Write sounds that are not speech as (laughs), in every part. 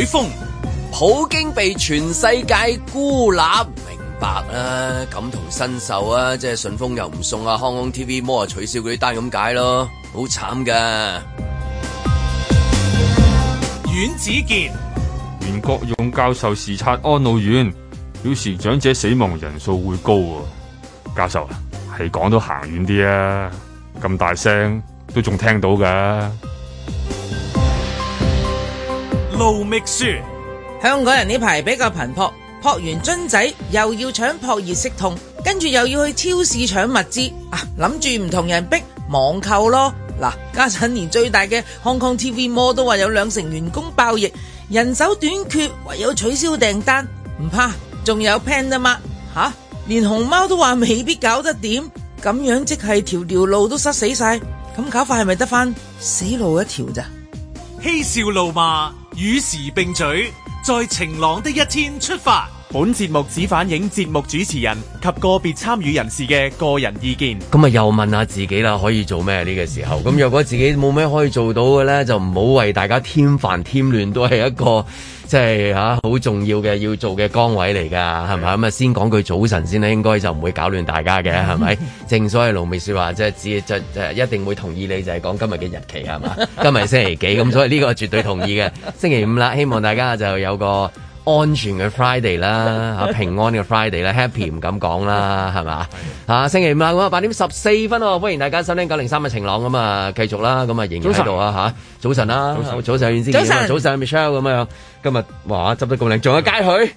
被封，普京被全世界孤立，明白啦、啊，感同身受啊！即係順豐又唔送啊，康康 TV 摩啊取消嗰啲單咁解咯，好慘噶！阮子健，袁國勇教授視察安老院，表示長者死亡人數會高啊！教授啊，係講到行遠啲啊，咁大聲都仲聽到噶。書，香港人呢排比較頻撲，撲完樽仔又要搶撲熱食筒，跟住又要去超市搶物資啊！諗住唔同人逼，網購咯。嗱，家陣連最大嘅 Hong Kong TV Mall 都話有兩成員工爆疫，人手短缺，唯有取消訂單。唔怕，仲有 plan 啊嘛吓，連熊貓都話未必搞得掂，咁樣即係條條路都塞死晒，咁搞法係咪得翻死路一條咋？嬉笑路嘛。與時並舉，在晴朗的一天出發。本節目只反映節目主持人及個別參與人士嘅個人意見。咁啊，又問下自己啦，可以做咩呢個時候，咁若果自己冇咩可以做到嘅呢，就唔好為大家添煩添亂，都係一個。即係嚇，好、啊、重要嘅要做嘅崗位嚟㗎，係咪？咁啊，先講句早晨先啦，應該就唔會搞亂大家嘅，係咪？ (laughs) 正所謂路未說話，即係只即誒一定會同意你，就係、是、講今日嘅日期係嘛？今日星期幾？咁 (laughs) 所以呢個絕對同意嘅星期五啦，希望大家就有個。安全嘅 Friday 啦， (laughs) 平安嘅 Friday 啦 (laughs) ，Happy 唔敢講啦，係嘛？嚇，星期五啦，咁八點十四分、哦，歡迎大家收聽九零三嘅晴朗咁啊，繼續啦，咁啊仍然喺度啊嚇，早晨啦，早上，早晨，早晨，早晨，啊早晨啊，Michelle 咁、啊、樣，今日哇，執得咁靚，仲有街佢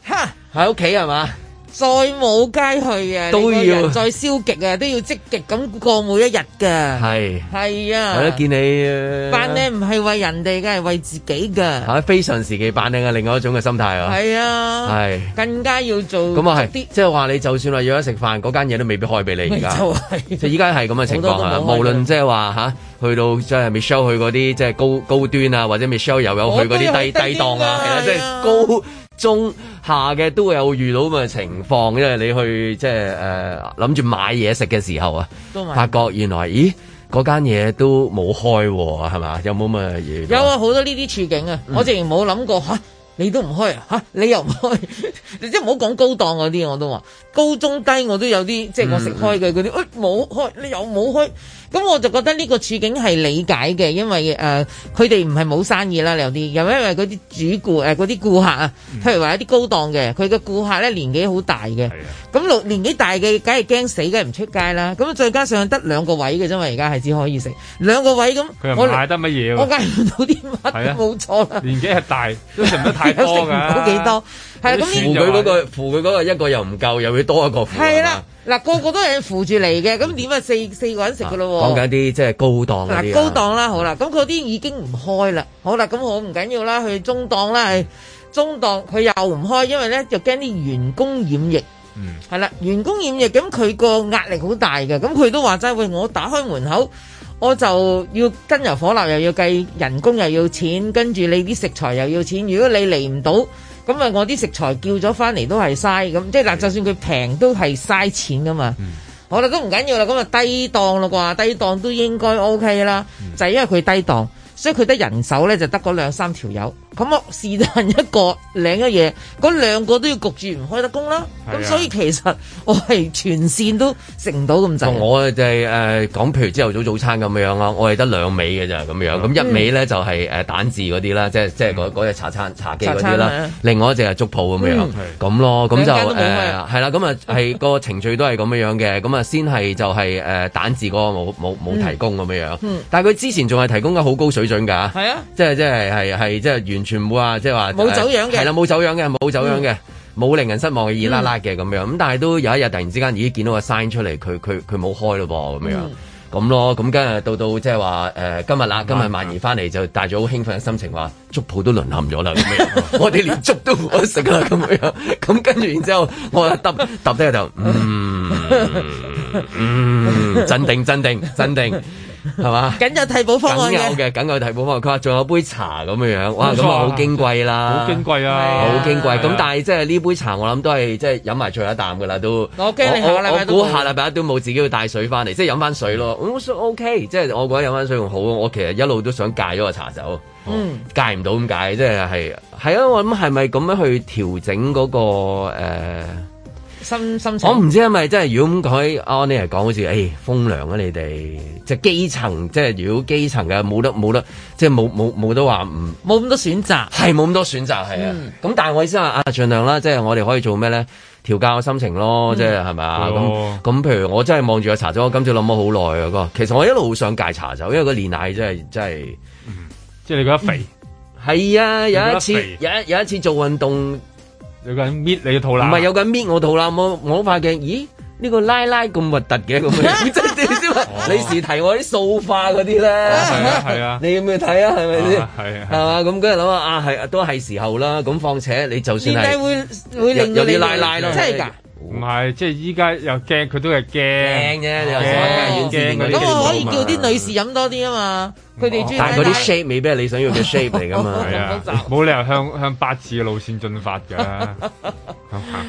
喺屋企係嘛？ (laughs) 再冇街去啊！都要再消極啊！都要積極咁過每一日㗎。係係啊！我一見你扮靚唔係為人哋嘅，係為自己㗎。嚇！非常時期扮靚係另外一種嘅心態啊。係啊，係更加要做咁啊，係啲即係話你就算話有得食飯，嗰間嘢都未必開俾你而家。就係就依家係咁嘅情況啊！無論即係話嚇，去到即係 Michelle 去嗰啲即係高高端啊，或者 Michelle 又有去嗰啲低低檔啊，係啦，即係高。中下嘅都會有遇到咁嘅情況，因為你去即係誒諗住買嘢食嘅時候啊，發覺原來咦嗰間嘢都冇開喎，係嘛？有冇咁嘅嘢？有啊，好多呢啲處境啊！嗯、我直然冇諗過嚇、啊，你都唔開啊你又唔開，你，唔開、啊你唔開啊、 (laughs) 即係唔好講高檔嗰啲，我都話高中低我都有啲即係我食開嘅嗰啲，喂、嗯，冇、欸、開，你又冇開、啊。咁我就覺得呢個處境係理解嘅，因為誒佢哋唔係冇生意啦，有啲，又因為嗰啲主顧誒嗰啲顧客啊，嗯、譬如話一啲高檔嘅，佢嘅顧客咧年紀好大嘅，咁年紀大嘅梗係驚死，梗係唔出街啦。咁再加上得兩個位嘅啫嘛，而家係只可以食兩個位咁，我嗌得乜嘢？我嗌唔到啲乜，冇錯啦。年紀係大，都食唔得太多㗎，食唔到幾多。係咁，扶佢嗰、嗰個，扶佢嗰個一個又唔夠，又要多一個扶。係啦，嗱、啊、個個都係扶住嚟嘅，咁點啊？四四個人食嘅咯喎。講緊啲即係高檔嗱、啊，高檔啦，好啦，咁佢啲已經唔開啦。好啦，咁我唔緊要啦，去中檔啦，係中檔佢又唔開，因為咧就驚啲員工染疫。嗯。係啦，員工染疫，咁佢個壓力好大嘅，咁佢都話齋喂，我打開門口，我就要燈油火蠟，又要計人工，又要錢，跟住你啲食材又要錢，如果你嚟唔到。咁啊，我啲食材叫咗翻嚟都係嘥，咁即係嗱，就算佢平都係嘥錢噶嘛。嗯、好啦，都唔緊要啦，咁啊低檔咯啩，低檔都應該 O、OK、K 啦。嗯、就係因為佢低檔，所以佢得人手咧就得嗰兩三條友。咁我是但一個領一嘢，嗰兩個都要焗住唔開得工啦。咁、啊、所以其實我係全線都食唔到咁滯。我就係誒講，譬如朝頭早早餐咁樣啦，我係得兩味嘅咋咁樣。咁、嗯、一味咧、嗯、就係、是、誒、呃、蛋治嗰啲啦，即係即係嗰隻茶餐茶記嗰啲啦。另外一隻係粥鋪咁樣，咁、嗯、咯咁、啊、就誒係啦。咁啊係、呃啊那個程序都係咁樣樣嘅。咁 (laughs) 啊先係就係、是、誒、呃、蛋治嗰個冇冇冇提供咁樣樣。嗯嗯、但係佢之前仲係提供緊好高水準㗎。係啊，即係即係係係即係全部啊，即係話冇走樣嘅，係、啊、啦冇走樣嘅，冇走樣嘅，冇、嗯、令人失望嘅，熱辣辣嘅咁樣。咁但係都有一日突然之間，已經見到個 sign 出嚟，佢佢佢冇開咯噃咁樣，咁咯，咁跟住到到即係話誒今日啦，今日萬儀翻嚟就帶咗好興奮嘅心情，話粥鋪都淪陷咗啦， (laughs) 我哋連粥都唔好食啦咁樣，咁跟住然之後我耷耷低喺度，嗯嗯，鎮定鎮定鎮定。鎮定鎮定係嘛？梗有替補方案嘅，梗有替補方案。佢話仲有杯茶咁嘅樣，哇！咁啊好矜貴啦，好矜貴啦，好矜貴。咁、啊、但係即係呢杯茶我，我諗都係即係飲埋最後一啖噶啦，都。Okay，我都我我估下禮拜都冇自己帶水翻嚟，即係飲翻水咯。嗯 so、OK，即係我覺得飲翻水仲好。我其實一路都想戒咗個茶酒，嗯、戒唔到咁解，即係係係啊！我諗係咪咁樣去調整嗰、嗰個、呃心心我唔知係咪真係如果咁佢，按你嚟講，好似，誒，風涼啊，你哋即係基層，即係如果基層嘅冇得冇得，即係冇冇冇得話唔冇咁多選擇，係冇咁多選擇，係啊。咁但係我意思話啊，盡量啦，即係我哋可以做咩咧？調教心情咯，即係係咪啊？咁、就、咁、是、譬如我真係望住個茶走，我今朝諗咗好耐啊，個其實我一路好想戒茶走，因為個煉奶真係真係、嗯，即係你覺得肥？係啊，有一次，有一有一次做運動。有個人搣你嘅肚腩？唔係有個人搣我肚啦，我我好怕鏡，咦？呢、這個奶奶咁核突嘅咁樣，即 (laughs) (laughs) (laughs) 你即係知？女士提我啲素化嗰啲咧。係啊係啊，啊，你要唔要睇啊？係咪先？係啊係嘛？咁今日諗下啊，係、啊啊啊、都係時候啦。咁況且你就算係，會令到你奶奶囉真係噶？唔係，即係依家又驚佢都係驚啫。驚嘅。咁、啊哦、我可以叫啲女士飲多啲啊嘛。嗯奶奶但係嗰啲 shape 未必係你想要嘅 shape 嚟噶嘛，冇、 (laughs) 啊、理由向向八字嘅路線進發噶，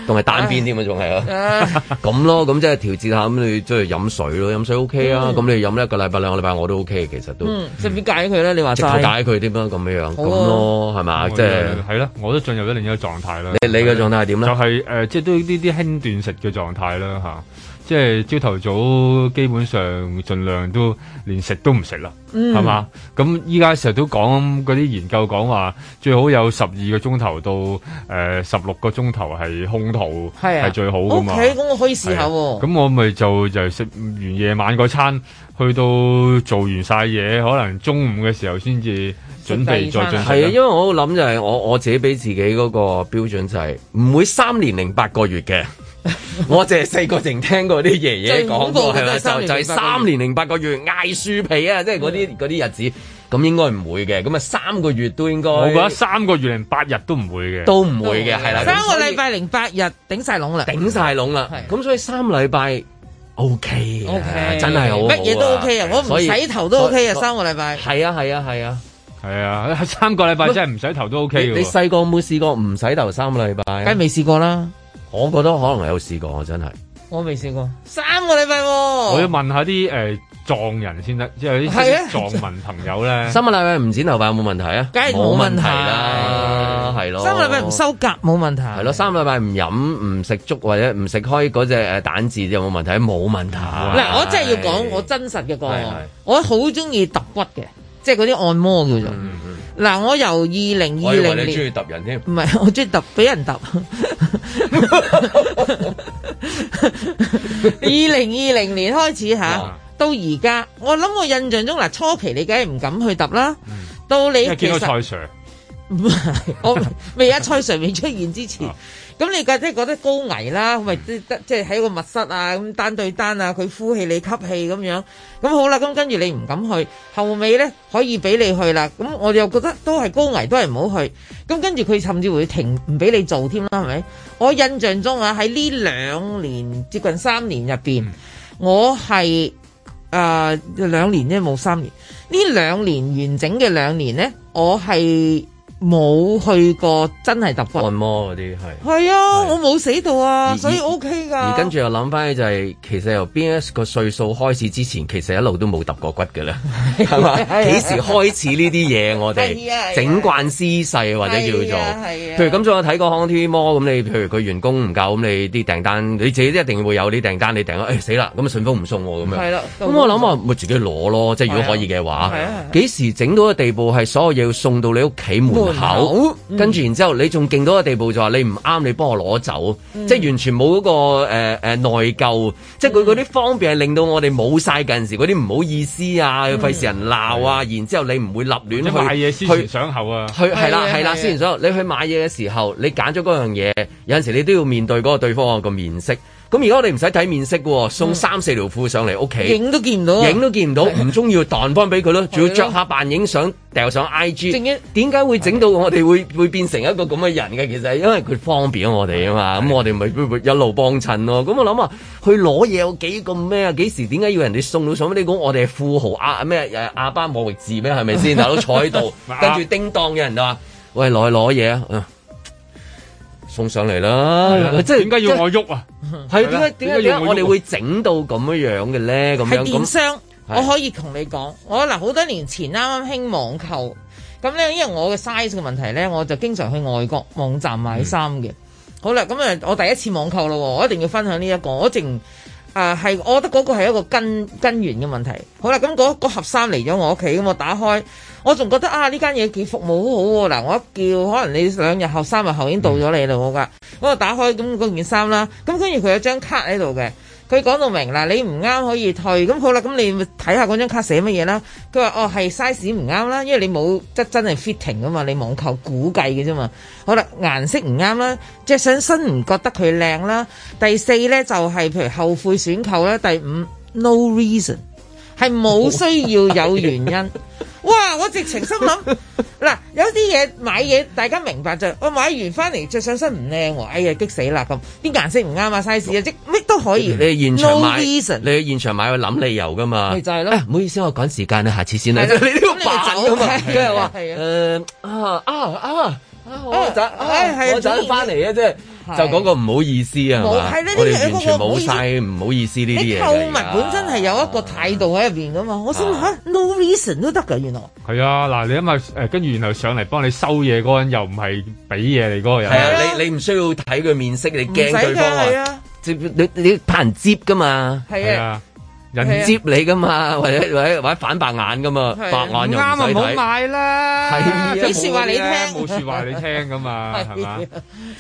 仲 (laughs) 係單邊添，仲係啊，咁、啊、 (laughs) 咯，咁即係調節下，咁你即係飲水咯，飲水 OK 啊，咁、嗯、你飲一個禮拜、兩個禮拜我都 OK，其實都。食啲解佢咧，你話齋解佢點樣咁樣，咁咯，係嘛、啊，即係係咯，我都進、就是、入咗另一個狀態啦。你你嘅狀態係點咧？就係、是、誒、呃，即係都呢啲輕斷食嘅狀態啦，吓、啊。即係朝頭早，基本上盡量都連食都唔食啦，係、嗯、嘛？咁依家成日都講嗰啲研究講話，最好有十二個鐘頭到誒十六個鐘頭係空肚係、啊、最好噶嘛咁、okay, 我可以試下啊啊。咁我咪就就食完夜晚嗰餐，去到做完晒嘢，可能中午嘅時候先至準備再進。係啊，因為我諗就係我我自己俾自己嗰個標準就係唔會三年零八個月嘅。我淨係細個淨聽過啲爺爺講過係嘛，就就係三年零八個月捱樹皮啊，即係嗰啲嗰啲日子，咁應該唔會嘅，咁啊三個月都應該。我覺得三個月零八日都唔會嘅，都唔會嘅係啦。三個禮拜零八日頂晒籠啦，頂晒籠啦，咁所以三個禮拜 OK，真係好乜嘢都 OK 啊，我唔洗頭都 OK 啊，三個禮拜。係啊係啊係啊係啊，三個禮拜真係唔洗頭都 OK 嘅。你細個有冇試過唔洗頭三個禮拜？梗係未試過啦。我覺得可能有試過，真係我未試過三個禮拜。我要問下啲誒藏人先得，即係啲藏民朋友咧。三個禮拜唔剪頭髮有冇問題啊？梗係冇問題啦、啊，係咯、啊啊啊啊。三個禮拜唔收甲冇問題、啊，係咯、啊。三個禮拜唔飲唔食粥或者唔食開嗰隻蛋治有冇問題、啊？冇問題、啊。嗱、啊，我真係要講我真實嘅個、啊，我好中意揼骨嘅，即係嗰啲按摩叫做。嗯嗱，我由二零二零年，我以為你中意揼人添，唔係，我中意揼俾人揼。二零二零年開始吓、啊啊，到而家，我諗我印象中嗱，初期你梗係唔敢去揼啦、嗯。到你，一見到蔡 Sir，唔係，我未一 (laughs) 蔡 Sir 未出現之前。啊咁你嘅即係覺得高危啦，咪即係即係喺個密室啊，咁單對單啊，佢呼氣你吸氣咁樣，咁好啦，咁跟住你唔敢去，後尾呢可以俾你去啦。咁我就覺得都係高危，都係唔好去。咁跟住佢甚至會停唔俾你做添啦，係咪？我印象中啊，喺呢兩年接近三年入面，我係誒兩年啫，冇三年。呢兩年完整嘅兩年呢，我係。冇去過真係揼骨按摩嗰啲係係啊，我冇死到啊，所以 OK 㗎。而跟住又諗翻就係、係，其實由 BS 個歲數開始之前，其實一路都冇揼過骨㗎啦，係 (laughs) 嘛？幾、啊、時開始呢啲嘢？我哋、啊、整慣姿勢、啊、或者叫做，啊啊、譬如咁，有睇過 HKTVmall 咁，你譬如佢員工唔夠，咁你啲訂單，你自己一定會有啲訂單，你訂咗誒死啦，咁、哎、啊順豐唔送我咁樣。係啦。咁我諗啊，咪自己攞咯，即係、啊、如果可以嘅話。係啊。幾、啊、時整到嘅地步係所有嘢要送到你屋企門？跟住、嗯，然之後你仲勁到個地步，就話你唔啱，你幫我攞走，嗯、即係完全冇嗰、嗰個誒誒內疚。即係佢嗰啲方便，係令到我哋冇晒。嗰陣時嗰啲唔好意思啊，費、嗯、事人鬧啊。然之後你唔會立亂去。你買嘢思前想後啊，去係啦係啦，思前想後。去你去買嘢嘅時候，你揀咗嗰樣嘢，有陣時你都要面對嗰個對方個面色。咁而家我哋唔使睇面色喎，送三四條褲上嚟屋企，影、嗯、都見唔到，影都見唔到，唔中意就彈翻俾佢咯，仲要着下扮影相，掉上 I G。正嘅。點解會整到我哋會會變成一個咁嘅人嘅？其實因為佢方便我哋啊嘛，咁、嗯、我哋咪會一路幫襯咯，咁我諗啊，去攞嘢有幾咁咩啊？幾時點解要人哋送到上？你講我哋富豪阿咩阿巴莫域治咩？係咪先大佬坐喺度，跟住叮噹嘅人就話：，喂，攞去攞嘢啊！呃送上嚟啦！即係點解要我喐啊？係點解點解點解我哋、啊、會整到咁樣呢樣嘅咧？咁樣咁，係電商，我可以同你講，我嗱好多年前啱啱興網購，咁咧因為我嘅 size 嘅問題咧，我就經常去外國網站買衫嘅、嗯。好啦，咁啊，我第一次網購咯，我一定要分享呢、這、一個，我淨。啊，係，我覺得嗰個係一個根根源嘅問題。好啦，咁、嗰、嗰、嗰嗰、盒衫嚟咗我屋企，咁我打開，我仲覺得啊，呢間嘢幾服務好好、啊、喎。嗱，我一叫，可能你兩日後、三日後已經到咗你度好噶，嗯、我打開咁嗰件衫啦，咁跟住佢有張卡喺度嘅。佢講到明啦，你唔啱可以退，咁好啦，咁你睇下嗰張卡寫乜嘢啦。佢話哦，係 size 唔啱啦，因為你冇即真係 fitting 噶嘛，你網購估計嘅啫嘛。好啦，顏色唔啱啦，即上身唔覺得佢靚啦。第四呢，就係譬如後悔選購啦。第五 no reason。係冇需要有原因，哇！我直情心諗嗱，有啲嘢買嘢，大家明白就我買完翻嚟着上身唔靚喎，哎呀激死啦咁，啲顏色唔啱啊，size 啊，即乜都可以。你，現場、no、你現場買，你去現場買要諗理由噶嘛？咪就係、是、咯。唔、哎、好意思，我趕時間啦，下次先啦。你呢要擺陣噶嘛？佢又話係啊。誒啊啊啊啊！我走我翻嚟啊，即、啊、係。就講個唔好意思啊，我係呢個完全冇晒唔好意思呢啲嘢。你購物本身係有一個態度喺入面噶嘛、啊？我想嚇、啊、No reason 都得噶，原來係啊！嗱，你因為跟住然後上嚟幫你收嘢嗰個人又唔係俾嘢嚟嗰個人。係啊，你你唔需要睇佢面色，你驚對方啊？你你怕人接噶嘛？係啊。人接你噶嘛，或者或者或者反白眼噶嘛、啊，白眼用啱啊，唔好買啦！冇說話你聽，冇、 (laughs) 啊、說話你聽噶嘛，係 (laughs) 嘛、啊啊啊？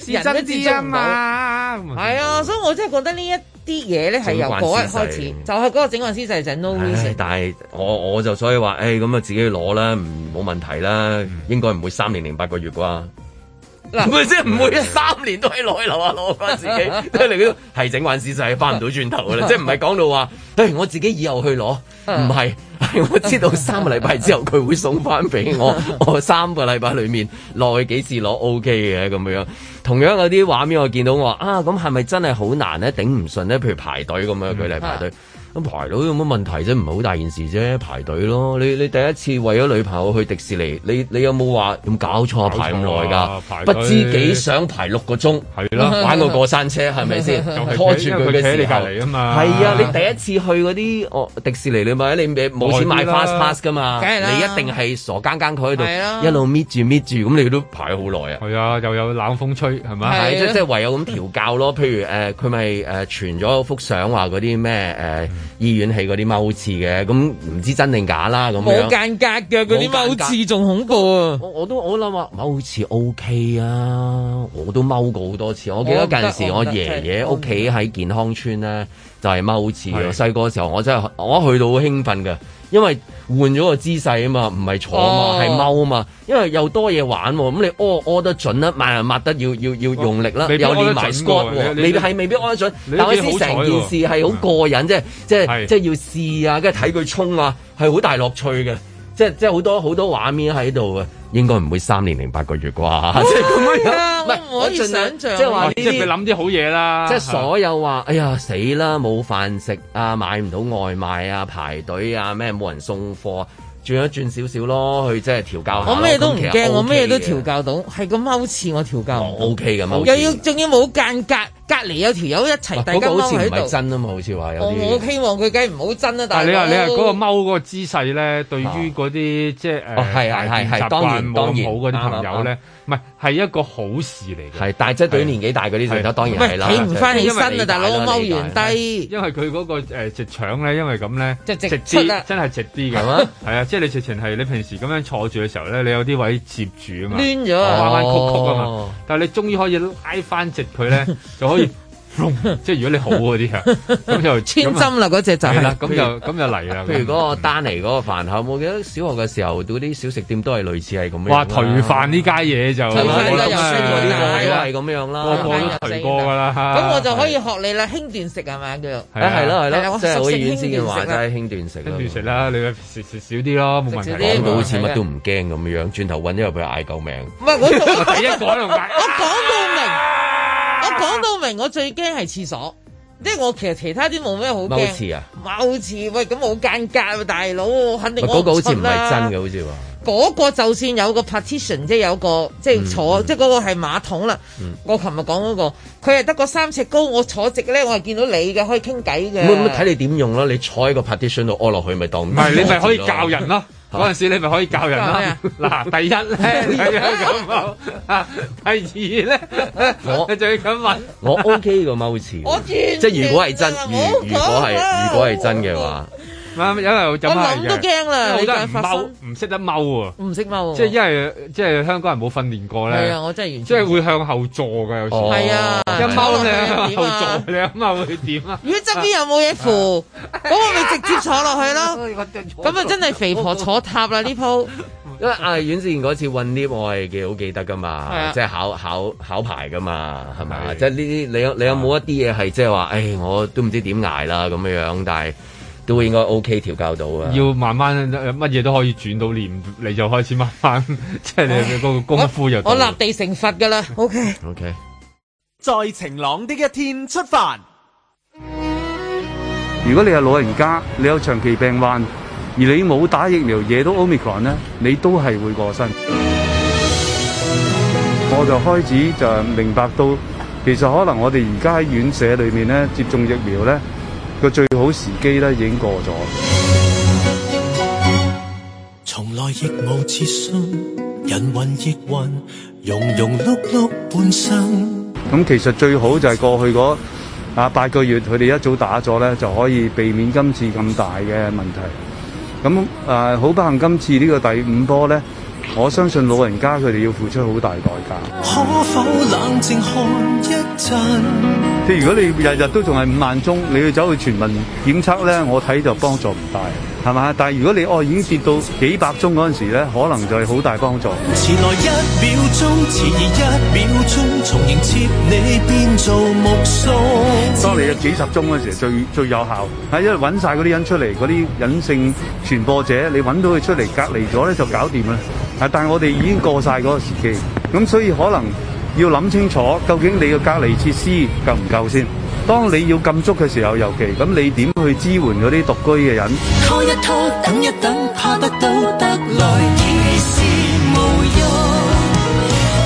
人都知啊嘛，係啊，所以我真係覺得呢一啲嘢咧係由嗰日開始乖乖就係、是、嗰個整容師仔就係 no risk 但係我我就所以話，誒咁啊自己攞啦，唔冇問題啦，應該唔會三年零八個月啩。唔會，即係唔會三年都喺落去樓下攞翻自己，即係你都係整玩事就係翻唔到轉頭嘅啦。即係唔係講到話，對、欸、我自己以後去攞，唔係我知道三個禮拜之後佢會送翻俾我。我三個禮拜裏面落去幾次攞 OK 嘅咁樣。同樣有啲畫面我見到，我話啊咁係咪真係好難咧？頂唔順咧？譬如排隊咁樣，佢嚟排隊。咁排隊有乜問題啫？唔係好大件事啫，排隊咯。你你第一次為咗女朋友去迪士尼，你你有冇話咁搞錯、啊、排咁耐㗎？不知幾想排六個鐘，係咯，玩個過山車係咪先？拖住佢嘅時候企喺你隔籬吖嘛，係啊，你第一次去嗰啲、哦、迪士尼你咪你冇錢買 fast pass 㗎嘛？你一定係傻更更。佢喺度，一路搣住搣住，咁你都排好耐啊！係啊，又有冷風吹，係咪？係即、啊、即唯有咁調教咯。譬如誒，佢咪誒傳咗幅相話嗰啲咩誒？呃醫院係嗰啲踎廁嘅，咁唔知真定假啦，咁樣冇間隔嘅嗰啲踎廁仲恐怖啊！我我都我諗話踎廁 OK 啊，我都踎過好多次。我，我記得嗰陣時我爺爺屋企喺健康村咧，就係踎廁，我細個時候我真係我一去到好興奮㗎。因為換咗個姿勢啊嘛，唔係坐嘛，係踎啊嘛。因為又多嘢玩，啊，咁你屙屙得準啦，抹人抹得要要要用力啦，又練埋骨，未必係、啊啊、未必屙得準。但係知成件事係好過癮，即係即係即係要試啊，跟住睇佢沖啊，係好大樂趣嘅。即係即係好多好多畫面喺度啊，應該唔會三年零八個月啩？ (laughs) (laughs) 我可以想象，即係話你諗啲好嘢啦。即係、即係、所有話，哎呀死啦，冇飯食啊，買唔到外賣啊，排隊啊，咩冇人送貨啊，轉一轉少少咯，去即係調教下。我咩都唔驚，我咩、OK、都調教到，係咁踎似我調教 O K 嘅踎，又要仲要冇間隔。隔離有條友一齊大家好似喺度真啊嘛，好似話有啲。我希望佢梗唔好真啦，但係你話你話嗰、嗰個踎嗰個姿勢咧，哦，對於嗰啲即係誒，係啊係啊，然、啊、當然，好啲朋友咧，唔係係一個好事嚟嘅。係，但係即係年紀大啲嚟當然係起唔翻起身啊大佬，踎完低，因為佢嗰個直腸咧，因為咁咧，那個呃，直、就是、直啲真係直啲嘅，係 (laughs) 啊，即係你直情係你平時咁樣坐住嘅時候咧，你有啲位接住啊嘛，彎、哦、彎曲曲啊嘛，但係你終於可以拉翻直佢咧，就可以。即係如果你好嗰啲啊，咁就千針啦嗰隻就係啦，咁就咁就嚟啦。譬如嗰個丹尼嗰個飯盒，我記得小學嘅時候，嗰啲小食店都係類似係咁樣。哇，頹飯呢家嘢就，頹飯就酸嗰啲我都係咁樣啦，過過過過噶啦。咁我就可以學你啦，輕斷食係咪叫做？係係咯係咯，即係我以前先話齋輕斷食，斷食啦，你食食少啲咯，冇問題。我好似乜都唔驚咁樣，轉頭揾因為佢嗌救命。唔係，我只係講同埋，我講到明。我講到明，我最驚係廁所，即係我其實其他啲冇咩好驚。好似啊，好似喂，咁好尷尬啊大佬，肯定我嗰、啊嗰個好似唔係真嘅，好似話嗰個就算有個 partition，有個即係有個即係坐，嗯嗯、即係嗰個係馬桶啦、嗯。我琴日講嗰個，佢係得個三尺高，我坐直咧，我係見到你嘅，可以傾偈嘅。咁睇你點用咯、啊？你坐喺個 partition 度屙落去，咪當你咪可以教人咯。嗰陣 (music) 時你咪可，可以教人啦。嗱、啊， (laughs) 第一咧呢， (laughs) (laughs) (laughs) 第二咧呢， (laughs) 我最緊 (laughs) 問 (laughs) 我，我 OK 個踎似，即係如果係真，如果係如果係真嘅話。因為我諗都驚啦，你唔識得踎喎，唔識踎，即係因為即係香港人冇訓練過咧。係啊，我真係完全即係會向後坐㗎，有時係啊，一踎咧，後坐你諗下會點啊？如果側邊又冇嘢扶，咁我咪直接坐落去咯。咁啊，真係肥婆坐塔啦呢鋪。因為阿阮志賢嗰次混呢，我係幾好記得㗎嘛，即係考考考牌㗎嘛，係咪啊？即係呢啲你有你有冇一啲嘢係即係話，唉，我都唔知點挨啦咁樣樣，但係。都會應該 OK 調教到啊！要慢慢乜嘢都可以轉到練，你就開始慢慢，即係你個功夫就我，我立地成佛㗎喇！OK，OK，在晴朗的一天出發。如果你係老人家，你有長期病患，而你冇打疫苗，惹到 Omicron 咧，你都係會過身。 (noise) 我就開始就明白到，其實可能我哋而家喺院舍裏面咧，接種疫苗咧。個最好時機咧，已經過咗。從來亦無自信，人云亦云，庸庸碌碌半生。咁其實最好就係過去嗰啊八個月，佢哋一早打咗咧，就可以避免今次咁大嘅問題。咁誒，好、呃、不幸今次呢個第五波咧，我相信老人家佢哋要付出好大代價。可否冷靜看一陣？即如果你日日都仲係五萬宗，你要走去全民檢測咧，我睇就幫助唔大，係嘛？但係如果你哦已經跌到幾百宗嗰陣時咧，可能就係好大幫助。遲來一秒鐘，遲疑一秒鐘，從迎接你變做目送。當你有幾十宗嗰時最最有效，因為揾晒嗰啲人出嚟，嗰啲隱性傳播者，你揾到佢出嚟隔離咗咧就搞掂啦。啊，但我哋已經過晒嗰個時期，咁所以可能。要諗清楚，究竟你嘅隔離設施夠唔夠先？當你要禁足嘅時候，尤其咁，你點去支援嗰啲獨居嘅人？拖一拖，等一等，怕得到得來已是無用。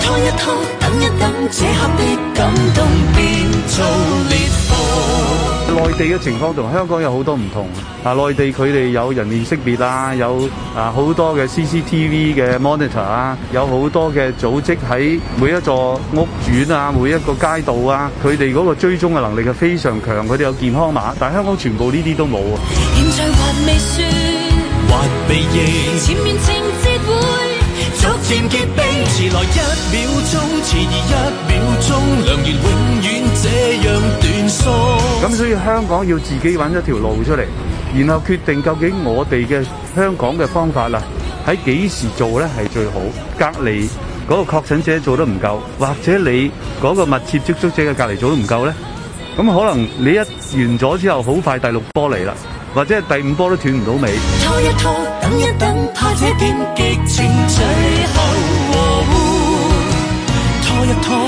拖一拖，等一等，此刻的感動變做裂縫。內地嘅情況同香港有好多唔同啊，內地佢哋有人臉識別啊，有啊好多嘅 CCTV 嘅 monitor 啊，有好多嘅組織喺每一座屋苑啊，每一個街道啊，佢哋個追蹤嘅能力係非常強，佢哋有健康碼，但係香港全部呢啲都冇啊，現象還未算，還未贏，前面情節會，逐漸結冰遲來一秒鐘遲疑一秒鐘良緣永遠這樣短。咁所以香港要自己搵一條路出嚟，然後決定究竟我哋嘅香港嘅方法啦，喺幾時做咧係最好？隔離嗰個確診者做得唔夠，或者你嗰個密切接觸者嘅隔離做得唔夠咧，咁可能你一完咗之後，好快第六波嚟啦，或者第五波都斷唔到尾。拖一拖，等一等，怕這禁忌症最後和乎。拖一拖。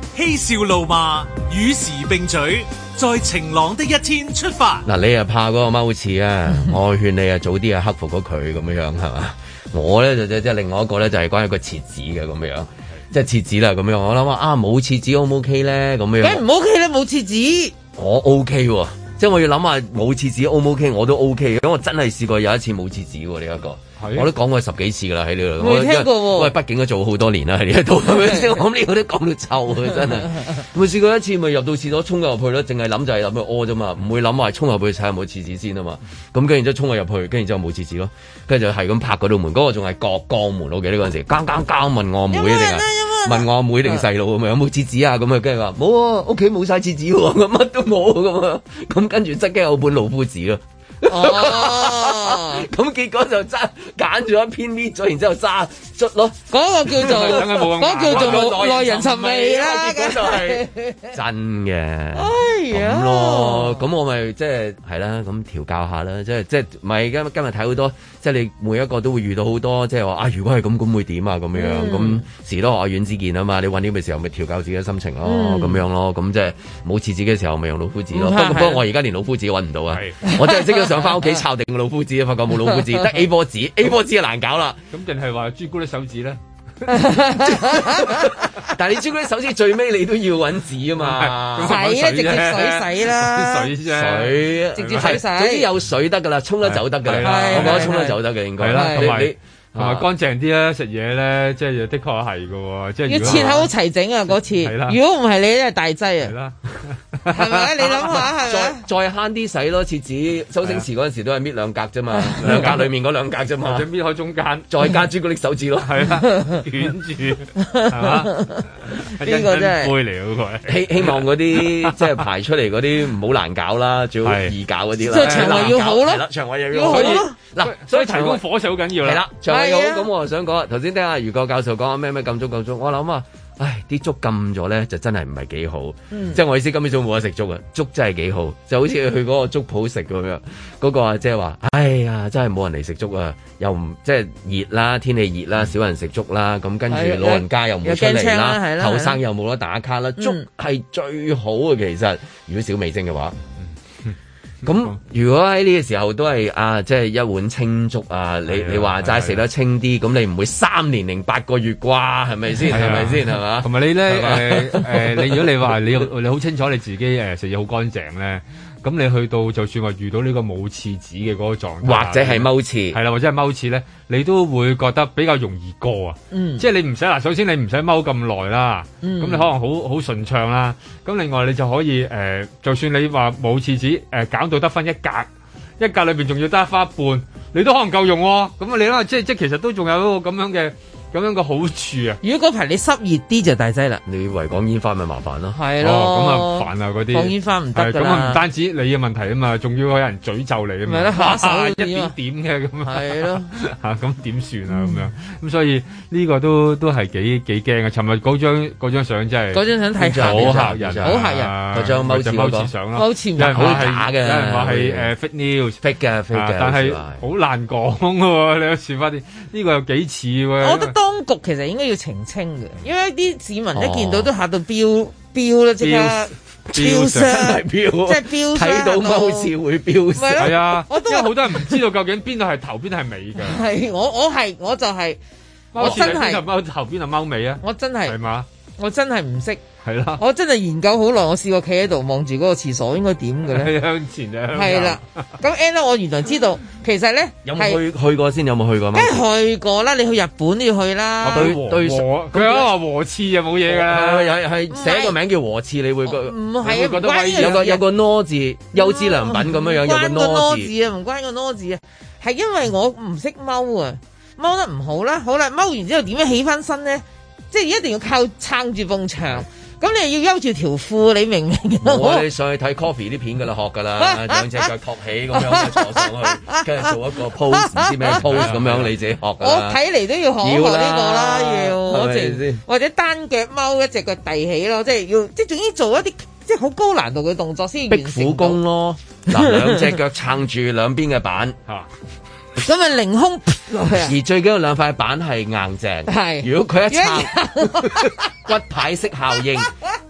嬉笑怒罵與時並嘴，在晴朗的一天出發。嗱， (laughs) 你又怕嗰個踎似啊？我勸你啊，早啲啊克服咗佢咁樣樣係嘛？我咧就即係另外一個咧，就係關於個廁紙嘅咁樣，即係廁紙啦咁樣。我諗啊，啊冇廁紙 O 唔 O K 咧？咁樣梗唔 O K 咧？冇廁紙我 O K 喎，即係我要諗下冇廁紙 O 唔 O K？我都 O K 咁我真係試過有一次冇廁紙呢一個。我都講過十幾次噶啦喺呢度，我我係畢竟都做好多年啦喺呢度，咁呢個都講到臭，真係。每 (laughs) 試過一次咪入到廁所沖入去咯，淨係諗就係諗去屙啫嘛，唔會諗話沖入去睇有冇廁紙先啊嘛。咁跟住即係沖入去，跟住之後冇廁紙咯，跟住就係咁拍嗰度門，嗰、嗰個仲係角鋼門我記得嗰陣時，剛剛問我妹啊，問我妹定細佬啊，有冇廁紙啊？咁啊跟住話冇，屋企冇晒廁紙喎，乜都冇咁啊，咁跟住即刻有本老夫子咯。哦，咁結果就揀住一篇搣咗，然之後揸捽咯，嗰、那個叫做嗰 (laughs) 個叫做耐 (laughs) (laughs) 人尋味啦。 (laughs) 結果就係真嘅，咁、哎、咯，咁我咪即係係啦，咁調教下啦，即係即係咪？今日睇好多，即、就、係、是、你每一個都會遇到好多，即係話啊，如果係咁，咁會點啊？咁樣咁、嗯、時多學院之見啊嘛。你揾呢嘅時候，咪調教自己嘅心情咯，咁、嗯啊、樣咯，咁即係冇廁紙嘅時候，咪用老夫子咯。不過、啊、我而家連老夫子揾唔到啊，我真係識咗。想翻屋企摷定個老夫子啊，發覺冇老夫子，得 A 波紙。 (laughs) A 波紙就難搞啦。咁定係話朱古力手指咧？ (laughs) (laughs) 但係朱古力手指最尾你都要揾紙啊嘛，洗 (laughs) (laughs) 啊，直接水洗啦，水啫、啊，水、啊、直接水洗水，總之有水得噶啦，沖、啊、得走得噶啦，我覺得沖得走得嘅應該。同埋乾淨啲啦，食嘢咧，即係的確係嘅，即係。要切好齊整啊！嗰次，如果唔係你真係大劑啊，係咪你諗下係。再再慳啲洗咯，切紙收星時嗰陣時都係搣兩格啫嘛，兩格裏面嗰兩格啫嘛，搣開中間，再加朱古力手指咯，捲 (laughs) 住係嘛？呢個真係杯嚟嘅佢。希希望嗰啲 (laughs) 即係排出嚟嗰啲唔好難搞啦，最好易搞嗰啲啦。即係腸胃要好咧，腸胃要嗱，所以提供火勢好緊要啦。係好、啊，咁、哎、我想講啊，頭先聽阿余國教授講咩咩禁足禁足，我諗啊，唉，啲粥禁咗咧就真係唔係幾好，即、嗯、係我意思，今朝早冇得食粥啊，粥真係幾好，就好似去嗰個粥鋪食咁樣，嗰 (laughs) 個阿姐話，哎呀，真係冇人嚟食粥啊，又唔即係熱啦，天氣熱啦，少人食粥啦，咁跟住老人家又冇出嚟啦，後生又冇得打卡啦，粥係最好啊，其實如果少味精嘅話。咁如果喺呢個時候都係啊，即係一碗清粥啊，你你話齋食得清啲，咁你唔會三年零八個月啩，係咪先？係咪先？係嘛？同埋你咧誒誒，你如果你話你你好清楚你自己誒食嘢好乾淨咧。咁你去到就算話遇到呢個冇廁紙嘅嗰個狀態，或者係踎廁，係啦，或者係踎廁咧，你都會覺得比較容易過啊！嗯，即係你唔使嗱，首先你唔使踎咁耐啦，咁、嗯、你可能好好順暢啦。咁另外你就可以誒、呃，就算你話冇廁紙誒，搞、呃、到得翻一格，一格裏面仲要得翻一半，你都可能夠用喎。咁啊，你呢，即係即其實都仲有一個咁樣嘅。咁樣個好處啊！如果嗰排你濕熱啲就大劑啦。你以為講煙花咪麻煩咯、哦。係、嗯、咯。咁、哦、啊煩啊嗰啲。煙花唔得咁啊，唔單止你嘅問題啊嘛，仲要有人詛咒你啊嘛。咪咯，手一點點嘅咁啊。係咯、啊，嚇咁點算啊咁樣？咁、啊、所以呢個都都係幾幾驚啊！尋日嗰張嗰張相真係嗰張相睇嚇人、啊，好嚇人。嗰張冇似冇似相啦，冇好假嘅。有人話係、uh, fake news, fake 嘅 fake、啊、但係、啊、好難講喎。你又轉翻啲呢個有幾似喎？當局其實應該要澄清嘅，因為啲市民一見到都嚇到飆飆、哦啊啊啊、啦，即刻飆升，即係飆升，睇到好似會飆升。係啊，因為好多人唔知道究竟邊度係頭邊係 (laughs) 尾嘅。係我我係我就係、是，我真係頭邊係貓尾啊，我真係係嘛，我真係唔識。係啦， (music) 我真係研究好耐，我試過企喺度望住嗰個廁所，應該點嘅咧？向前就向右。係 (laughs) 啦，咁 N 咧，我原來知道，其實咧有冇去去過先有冇去過啊？梗係去過啦，你去日本都要去啦。啊、對，對有和佢、那個那個啊、一話和廁就冇嘢噶，係寫個名叫和廁，你會唔係啊？唔有個有個攞字，優質良品咁樣樣，有個攞字、嗯、字，字啊，唔關個攞字啊，係因為我唔識踎啊，踎得唔好啦。好啦，踎完之後點樣起翻身咧？即係一定要靠撐住埲牆。 (laughs) 咁你又要休住條褲，你明唔明？我哋上去睇 Coffee 啲片噶啦，學噶啦，兩隻腳托起咁 (laughs) 樣坐上去，跟住做一個 pose，唔知咩 pose 咁樣你自己學啦。我睇嚟都要學呢、這個啦，要是是或者單腳踎，一隻腳遞起咯，即係要即係，總之做一啲即係好高難度嘅動作先。壁虎功咯，嗱，兩隻腳撐住兩邊嘅板，係 (laughs) 咁咪凌空， (laughs) 而最緊要兩塊板係硬淨，係如果佢一擦 (laughs) (laughs) 骨牌式效應，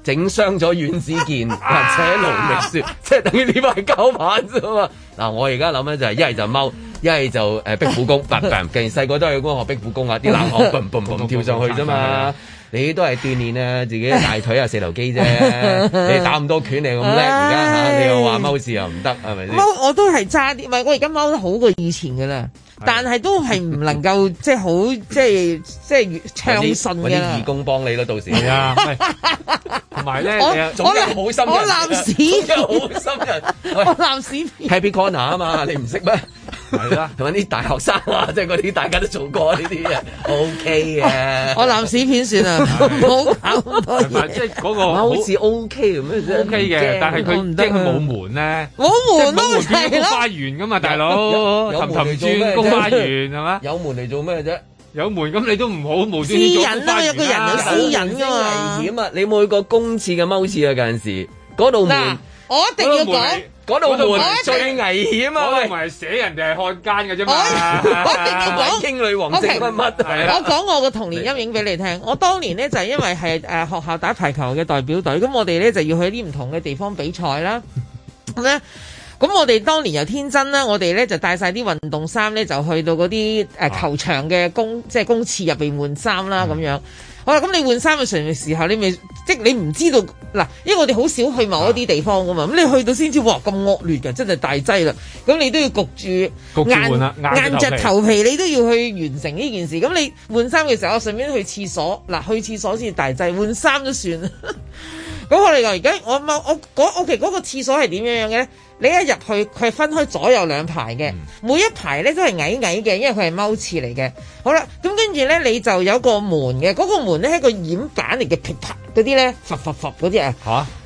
整傷咗阮子健或者盧覓雪，即、啊、係、就是、等於呢塊膠板啫嘛。嗱，我而家諗咧就係一係就踎，一係就誒壁虎功，畢竟細個都係要學壁虎功啊，啲男學蹦蹦蹦跳上去啫嘛。 (laughs) 你都係鍛鍊啊自己大腿啊四頭肌啫，你打咁多拳你咁叻而家嚇，你又話踎屎又唔得係咪先？踎我都係揸啲，唔係我而家踎得好過以前噶啦，但係都係唔能夠即係好即係即係暢順㗎啦。嗰啲義工幫你咯，到時係啊，同埋咧仲有好心人，仲有好心人，我男士 Happy Corner 啊嘛，你唔識咩？係啦，同埋啲大學生啊，即係嗰啲大家都做過呢啲啊，O K 嘅。我男屎片算啦，好搞。即係嗰個好似 O K 嘅，O K 嘅，但係佢即係冇門咧。冇門，即係花園噶嘛，大佬，氹氹轉菊花園係嘛？有門嚟做咩啫？有門咁你都唔好冇私隱。私隱啦，有個人有私隱啊嘛，危險啊！你冇去過公廁嘅踎廁啊？嗰陣時嗰道門，我一定要講。度最危險啊！我哋咪寫人哋係漢奸嘅啫嘛！我我點講？傾 (laughs) 女王成乜乜，我講我個童年陰影俾你聽。 (laughs) 我當年呢，就係、因為係誒學校打排球嘅代表隊，咁我哋咧就要去啲唔同嘅地方比賽啦。咁咧，咁我哋當年又天真啦，我哋咧就帶晒啲運動衫咧，就去到嗰啲誒球場嘅公即係公廁入邊換衫啦咁 (laughs) 這樣。 (laughs) 好啦，咁你換衫嘅時候你，你咪～即你唔知道嗱，因為我哋好少去某一啲地方噶嘛，咁、啊、你去到先至哇咁惡劣㗎，真係大劑啦。咁你都要焗住硬着硬著頭皮，頭皮你都要去完成呢件事。咁你換衫嘅時候，我順便去廁所嗱，去廁所先至大劑換衫都算啦。 (laughs) 咁、那個、我哋講而家我踎我嗰我嗰個廁所係點樣樣嘅咧？你一入去，佢係分開左右兩排嘅、嗯，每一排咧都係矮矮嘅，因為佢係踎廁嚟嘅。好啦，咁跟住咧，你就有個門嘅，嗰、那個門咧係個掩板嚟嘅，噼啪嗰啲咧，拂拂拂嗰啲啊。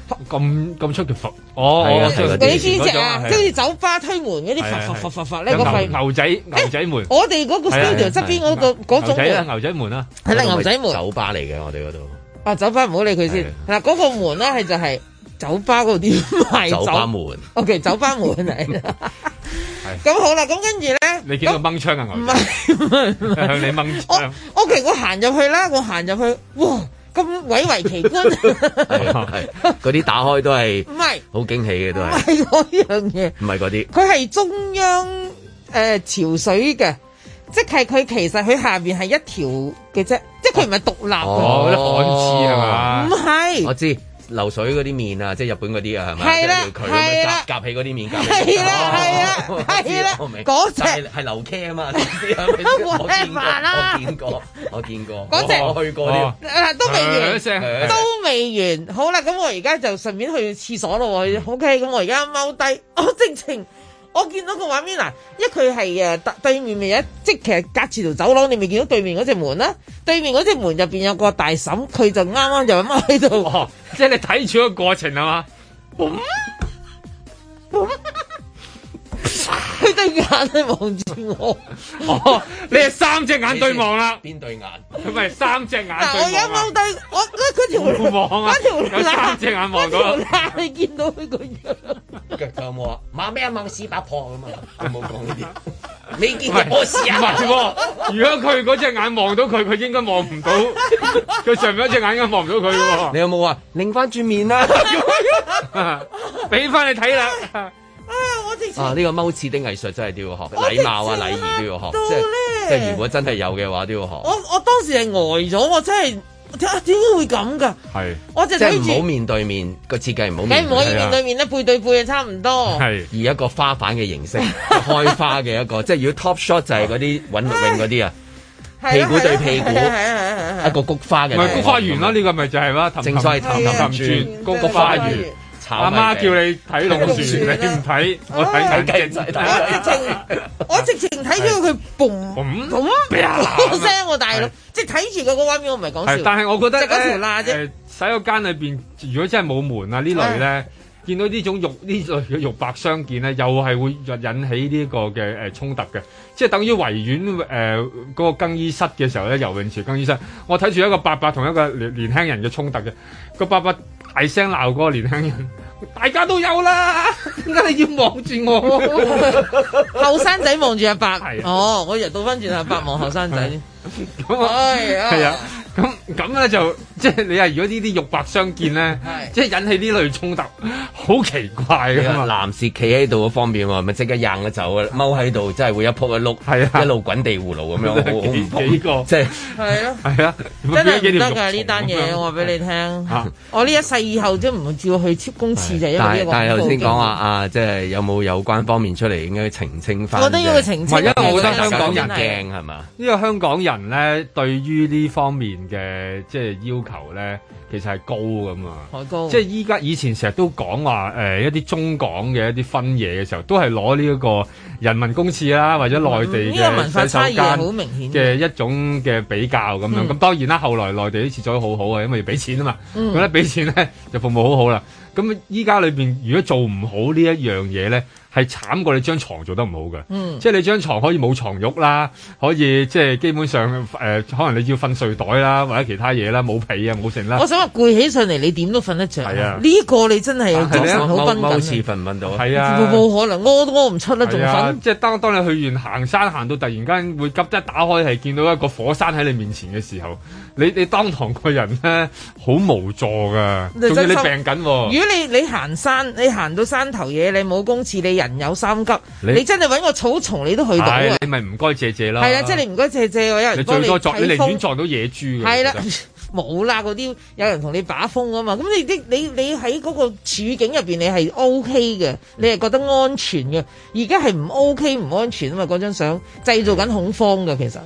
吓咁咁粗嘅拂？哦，李先生啊，好似、啊那個啊啊啊就是、酒吧推門嗰啲拂拂拂拂拂咧，啊啊啊伏伏伏牛那個牛仔牛仔門。欸、我哋嗰個 studio 側邊、啊、嗰、啊啊那個種。牛仔,牛仔啊，牛仔門啊。係啦，牛仔門。酒吧嚟嘅，我哋嗰度。啊！酒吧唔好理佢先嗱，嗰個門咧係就係酒吧嗰度啲係酒吧門。O K，酒吧門嚟啦。咁好啦，咁跟住咧，你見到掹槍啊？我唔係向你掹槍。O K，我行入去啦，我行入去，哇！咁蔚為奇觀，係係，嗰啲打開都係唔係好驚喜嘅都係。係嗰樣嘢。唔係嗰啲，佢係中央誒潮水嘅。即係佢，其實佢下面係一條嘅啫，即係佢唔係獨立嘅。哦，啲海刺係嘛？唔係。我知流水嗰啲麵啊，即係日本嗰啲啊，係咪？係啦，係啦。夾起嗰啲麵夾起麵。係啦，係、哦、啦，係啦。嗰隻係流 K 啊嘛，知唔知啊？我見過啦，我，cam, (laughs) 我見過，我見嗰 (laughs) (laughs) 隻我去過啲。 (laughs) 都未完，都未完。好啦，咁我而家就順便去廁所咯、嗯。OK，咁我而家踎低，我直情。我見到個畫面嗱，因為佢係誒對面未一，即係其實隔住條走廊，你未見到對面嗰隻門啦。對面嗰隻門入邊有個大嬸，佢就啱啱就踎喺度，即係你睇住個過程係嘛？ (laughs) (laughs) 佢 (laughs) 對眼望住我，你係三隻眼對望啦？邊對眼？咁咪三隻眼對望我。我有望對我我嗰條網？有、啊、三隻眼望到。我係見到佢個樣。腳有冇啊？望咩望屎八婆咁嘛？佢冇講呢啲。你見我屎啊？唔係，如果佢嗰隻眼望到佢，佢應該望唔到。 (laughs) 佢上面一隻眼應該望唔到佢。你有冇啊？擰翻轉面啦，俾翻你睇啦。啊！呢、呢個踎廁的藝術真係都要學禮貌啊、禮儀都要學，即係即係如果真係有嘅話都要學。我是的的學我，我當時係呆咗，我真係啊，點解會咁噶？係我就睇唔好面對面個設計，唔好你唔可以面對面咧、啊，背對背啊，差唔多係而一個花瓣嘅形式 (laughs) 開花嘅一個，即係如果 top shot 就係嗰啲搵綠永嗰啲啊，屁股對屁股， (laughs) 一個菊花嘅，唔係菊花園啦、啊，呢個咪就係啦，轉轉轉轉轉菊花園。阿媽叫你睇龍船，龍船你唔睇，我睇睇雞我直情， (laughs) 我直情睇咗佢嘣嘣，嗰、呃呃呃、聲我大佬，即係睇住佢嗰畫面，我唔係講笑。但係我覺得咧，洗手、呃呃、間裏邊，如果真係冇門呢啊呢類咧，見到呢種肉呢類嘅肉白相見咧，又係會引引起呢個嘅誒衝突嘅，即係等於維園誒嗰個更衣室嘅時候咧，游泳池更衣室，我睇住一個伯伯同一個年年輕人嘅衝突嘅個伯伯。大聲鬧嗰個年輕人，大家都有啦，點解你要望住我？ (laughs) 後生仔望住阿伯係、啊，哦，我日到翻轉，阿伯望後生仔，係 (laughs) 那我 (laughs) 係啊。 (laughs) 咁咁咧就即係你話如果呢啲肉白相見咧，即係、就是、引起呢類衝突，好奇怪㗎。男士企喺度嗰方面喎，咪即刻硬咗走，踎喺度，真係會一仆一碌、啊，一路滾地葫蘆咁樣，啊、好，好幾個即係係咯，係、就是、啊，啊要要真係幾得㗎呢單嘢，我話俾你聽，我呢一世以後都唔會照去貼公廁、啊、就是但。但係但係頭先講話啊，即、就、係、是、有冇有，有關方面出嚟應該澄清翻。覺得應該澄清。因為我覺得香港人驚係嘛？呢、啊啊呢個香港人咧對於呢方面。嘅即係要求咧，其實係高咁啊，好高，即係依家以前成日都講話誒一啲中港嘅一啲分野嘅時候，都係攞呢一個人民公廁啦，或者內地嘅洗手間好、嗯這個、文化差異明顯嘅一種嘅比較咁樣。咁當然啦，後來內地啲設施好好啊，因為要俾錢啊嘛。咁咧俾錢咧就服務好好啦。咁依家裏面，如果做唔好呢一樣嘢咧？係慘過你張床做得唔好嘅。嗯，即係你張床可以冇床褥啦，可以即係基本上誒，呃，可能你要瞓睡袋啦或者其他嘢啦，冇被啊，冇剩啦。我想話攰起上嚟，你點都瞓得着係啊，呢，呢個你真係有精神好崩緊。冇冇事瞓唔瞓到係啊，冇可能，屙都屙唔出啦。仲、就、瞓、是。即係當當你去完行山，行到突然間會急得一打開係見到一個火山喺你面前嘅時候，你你當堂個人咧好無助㗎，仲要你病緊、啊。如果你你行山，你行到山頭嘢，你冇公廁，你人有三急，你，你真係搵個草叢，你都去到嘅，你咪唔該借借啦。係啊，即係你唔該借借，有人幫你起風，你寧願撞到野豬嘅。係啦。冇啦，嗰啲有人同你把風啊嘛，咁你啲你你喺嗰個處境入邊、OK，你係 O K 嘅，你係覺得安全嘅。而家係唔 O K 唔安全啊嘛，嗰張相製造緊恐慌嘅其實。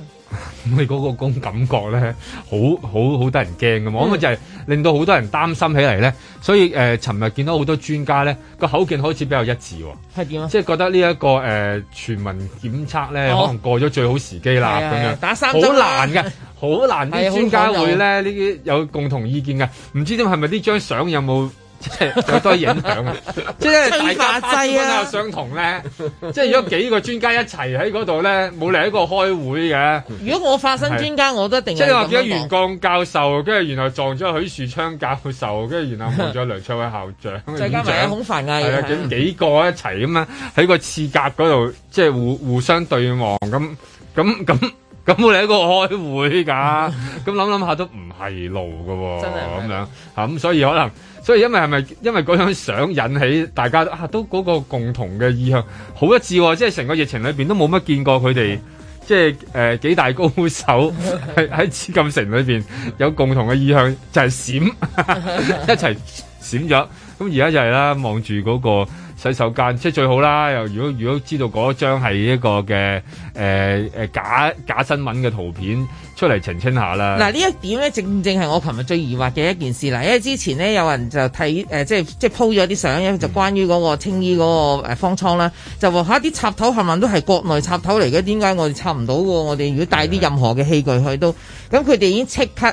咁你嗰個感感覺咧，好好好得人驚嘅，嘛。咁、嗯、啊就係令到好多人擔心起嚟咧。所以誒，尋日見到好多專家咧，個口徑開始比較一致喎、哦。係點啊？即係覺得呢、這、一個誒全民檢測咧、哦，可能過咗最好時機啦，打三好難嘅。啊好難啲專家會咧呢啲有共同意見嘅，唔知點係咪呢張相有冇即係有， (laughs) 有多影響嘅？即係、啊、 (laughs) 大家主觀都有相同咧，即係如果幾個專家一齊喺嗰度咧，冇嚟一個開會嘅。如果我化身專家， (laughs) 我都一定即係你話變咗袁光教授，跟住然後撞咗許樹昌教授，跟住然後望咗梁卓偉校長，再 (laughs) (laughs) 加埋啊好煩噶，啊， (laughs) 咁幾個一齊咁啊，喺個刺格嗰度即係互互相對望咁咁咁。咁冇嚟一個開會噶，咁諗諗下都唔係路噶，哦，咁樣，咁所以可能，所以因為係咪因為嗰張相引起大家啊都嗰個共同嘅意向好一致，哦，即係成個疫情裏邊都冇乜見過佢哋，即係誒幾大高手喺紫禁城裏邊有共同嘅意向就係、是、閃， (laughs) 一齊閃咗，咁而家就係啦，望住嗰個。洗手間即係最好啦！又如果如果知道嗰張係一個嘅誒、呃、假假新聞嘅圖片出嚟澄清下啦。嗱呢一點咧，正正係我琴日最疑惑嘅一件事啦。因為之前呢，有人就睇誒、呃，即係即係鋪咗啲相，因就關於嗰個青衣嗰個方艙啦、嗯，就話下啲插頭係咪都係國內插頭嚟嘅，點解我哋插唔到嘅？我哋如果帶啲任何嘅器具去都咁，佢哋已經即刻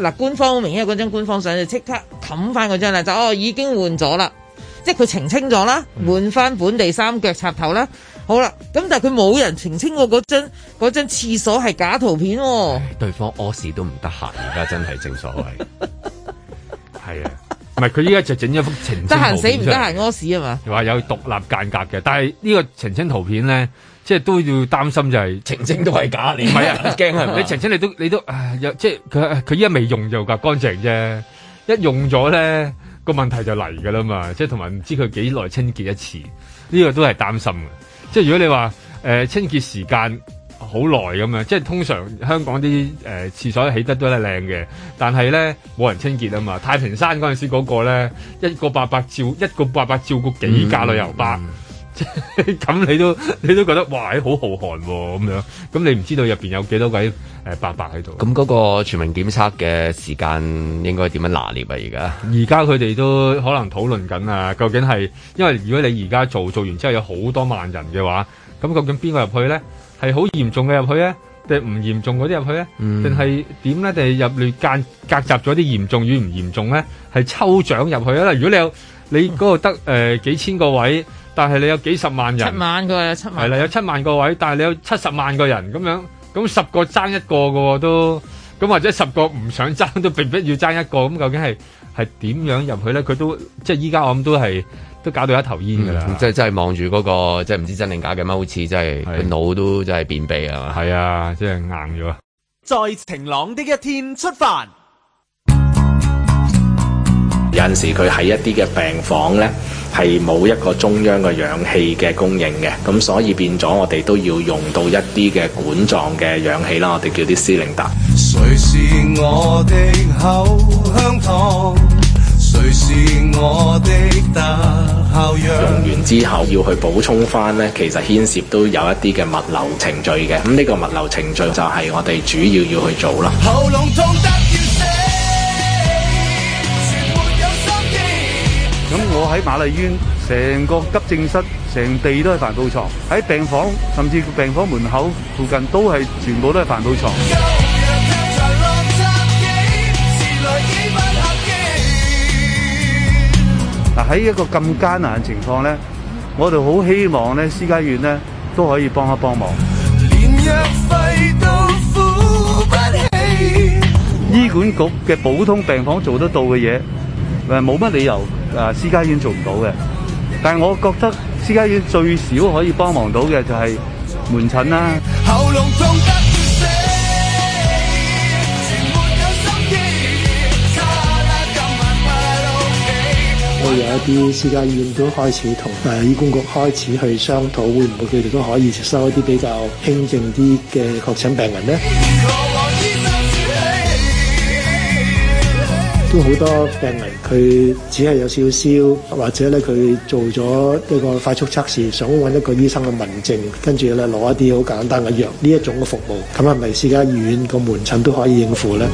嗱、呃、官方，明顯嗰張官方相就即刻冚翻嗰張啦，就哦已經換咗啦。即係佢澄清咗啦，換翻本地三腳插頭啦。好啦，咁但係佢冇人澄清過嗰張嗰張廁所係假圖片。對方屙屎都唔得閒，而家真係正所謂。係啊，唔係佢依家就整一幅澄清圖。得閒死唔得閒屙屎啊嘛，話有獨立間隔嘅，但係呢個澄清圖片咧，即係都要擔心就係、是、澄清都係假，你唔係啊驚啊，你澄清你都你都唉，即係佢佢依家未用就噶乾淨啫，一用咗咧。個問題就嚟噶啦嘛，即係同埋唔知佢幾耐清潔一次，呢、呢個都係擔心嘅。即係如果你話誒、呃、清潔時間好耐咁樣，即係通常香港啲誒、呃、廁所起得都係靚嘅，但係咧冇人清潔啊嘛。太平山嗰陣時嗰個咧一個八百照，一個八百照，個,個幾架旅遊巴。嗯嗯咁， (laughs) 你都你都覺得哇，好浩瀚喎、啊、咁樣，咁你唔知道入面有幾多位誒伯伯喺度。咁、呃、嗰個全民檢測嘅時間應該點樣拿捏啊？而家而家佢哋都可能討論緊啊。究竟係因為如果你而家做做完之後有好多萬人嘅話，咁究竟邊個入去咧？係好嚴重嘅入去呢？定唔嚴重嗰啲、嗯、入去咧？定係點咧？定係入嚟間隔雜咗啲嚴重與唔嚴重咧？係抽獎入去啊！啦，如果你有你嗰度得誒、呃、幾千個位。但係你有幾十萬人，七萬個，係啦有，有七萬個位，但係你有七十萬個人咁樣，咁十個爭一個嘅喎都，咁或者十個唔想爭都必須要爭一個，咁究竟係係點樣入去咧？佢都即係依家我諗都係都搞到一頭煙噶啦，即係即係望住嗰個即係唔知真定假嘅好似，好真係佢腦都真係便秘呀嘛？係啊，即係硬咗。在晴朗的一天出發，有陣時佢喺一啲嘅病房咧。係冇一個中央嘅氧氣嘅供應嘅，咁所以變咗我哋都要用到一啲嘅管狀嘅氧氣啦，我哋叫啲司令達。用完之後要去補充翻呢，其實牽涉都有一啲嘅物流程序嘅，咁呢個物流程序就係我哋主要要去做啦。咁我喺瑪麗醫院，成個急症室，成地都係帆布床；喺病房，甚至病房門口附近都係，全部都係帆布床。嗱，喺一個咁艱難嘅情況咧，我哋好希望咧私家院咧都可以幫一幫忙。連藥費都付唔起。醫管局嘅普通病房做得到嘅嘢，誒，冇乜理由。啊，私家醫院做唔到嘅，但係我覺得私家醫院最少可以幫忙到嘅就係門診啦、啊。我有一啲私家醫院都開始同啊醫管局開始去商討，會唔會佢哋都可以接收一啲比較輕症啲嘅確診病人呢？都好多病人，佢只係有少少，或者咧佢做咗一個快速測試，想揾一個醫生嘅問症，跟住咧攞一啲好簡單嘅藥，呢一種嘅服務，咁係咪私家醫院個門診都可以應付咧？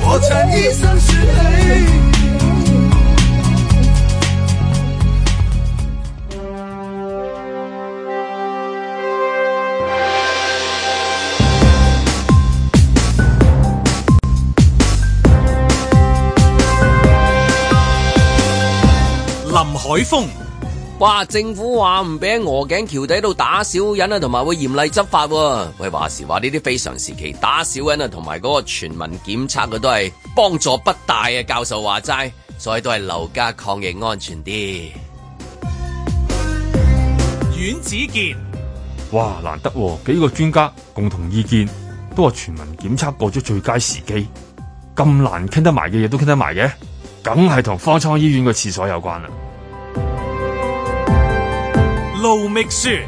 海風哇，政府話唔俾喺鵝頸橋底度打小人啊，同埋會嚴厲執法。喂，話時話呢啲非常時期打小人啊，同埋嗰個全民檢測嘅都係幫助不大嘅。教授話齋，所以都係留家抗疫安全啲。阮子健哇，難得、啊、幾個專家共同意見都話全民檢測過咗最佳時機，咁難傾得埋嘅嘢都傾得埋嘅，梗係同方艙醫院嘅廁所有關啦。盧覓雪，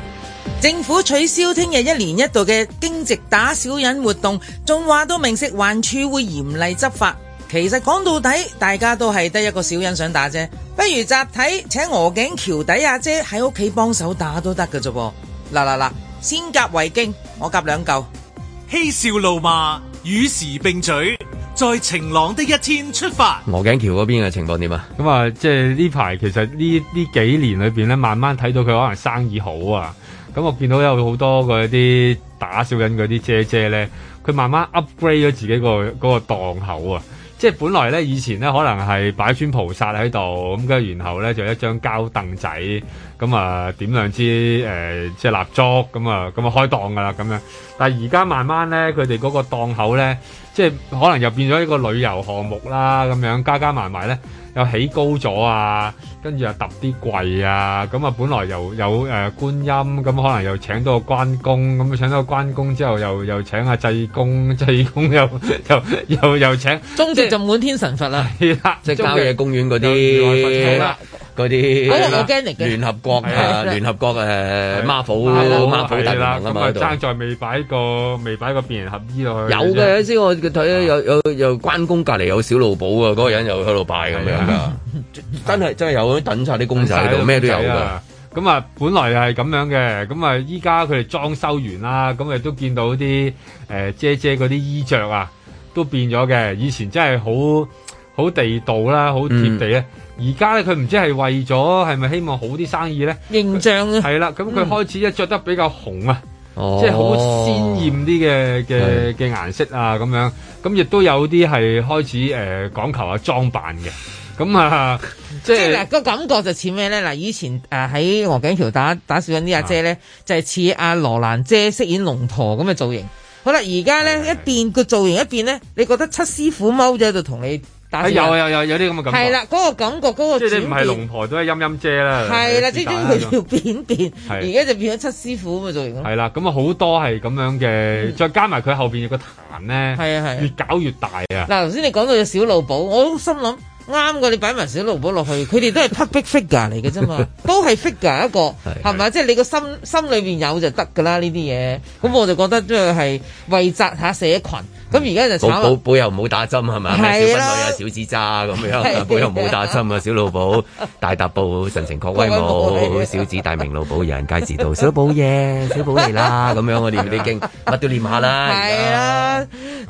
政府取消聽日一年一度嘅驚蟄打小人活動，仲話到明，食環署會嚴厲執法。其實講到底，大家都係得一個小人想打啫，不如集體請鵝頸橋底阿姐喺屋企幫手打都得嘅啫噃。嗱嗱嗱，先夾為敬，我夾兩嚿，嬉笑怒罵與時並舉。在晴朗的一天出發。鵝頸橋嗰邊嘅情況點啊？咁啊，即係呢排其實呢呢幾年裏邊咧，慢慢睇到佢可能生意好啊。咁我見到有好多嗰啲打小人嗰啲姐姐咧，佢慢慢 upgrade 咗自己個嗰個檔口啊。即係本來咧，以前咧可能係擺尊菩薩喺度，咁跟住然後咧就有一張膠凳仔，咁啊點兩支誒、呃、即係蠟燭，咁啊咁啊開檔㗎喇咁樣。但係而家慢慢咧，佢哋嗰個檔口咧，即係可能又變咗一個旅遊項目啦，咁樣加加埋埋咧。又起高咗啊，跟住又揼啲櫃啊，咁啊，本來又有誒、呃、觀音，咁可能又請到個關公，咁啊請到個關公之後又，又又請下、啊、濟公，濟公又 (laughs) 又又又請，中正就滿天神佛啦、啊，即係、啊就是、郊野公園嗰啲。嗰啲聯合國嘅，聯合國誒，Marvel，Marvel 咁啊，爭在未擺個未擺個變形俠醫落去。有嘅先，我睇有有有關公隔離有小路寶那那啊，嗰個人又喺度拜咁樣噶。真係真係有啲等晒啲公仔喺度，咩都有啊。咁、嗯、啊，本來係咁樣嘅，咁啊，依家佢哋裝修完啦，咁亦都見到啲誒姐姐嗰啲衣着啊，都變咗嘅。以前真係好好地道啦，好貼地咧。而家咧，佢唔知係為咗係咪希望好啲生意咧？形象啊，係啦，咁佢開始一著得比較紅啊、嗯，即係好鮮豔啲嘅嘅嘅顏色啊咁樣，咁亦都有啲係開始誒、呃、講求啊裝扮嘅，咁 (laughs) 啊、就係、即係嗱、嗰個感覺就似咩咧？嗱，以前喺鵝頸橋打打小人啲阿姐咧，就係似阿羅蘭姐飾演龍婆咁嘅造型。好啦，而家咧一邊個造型，一邊咧，你覺得七師傅踎咗喺度同你？啊哎、有有有有啲咁嘅感覺，係啦，嗰個感覺即係你唔係龍台都係陰陰姐啦，係啦，即係佢條片變，而家就變咗七師傅咁做仲要，係啦，咁啊好多係咁樣嘅、嗯，再加埋佢後面有個壇咧，係啊係，越搞越大啊！嗱頭先你講到小盧寶，我都心諗啱過， (laughs) 你擺埋小盧寶落去，佢哋都係 public figure 嚟嘅啫嘛， (laughs) 都係 figure 一個，係咪即係你個心心裏面有就得㗎啦呢啲嘢，咁我就覺得即係為集下社群。咁而家就寶寶保唔好打針係咪小噴水啊，小指渣，咁樣，保佑唔好打針啊！小老保 (laughs) 大踏步，神情確威武，小指大名老保 (laughs) 來，有人皆知道：小保嘢，小保嚟啦咁樣，我念啲經，乜 (laughs) 都念下啦。係啊，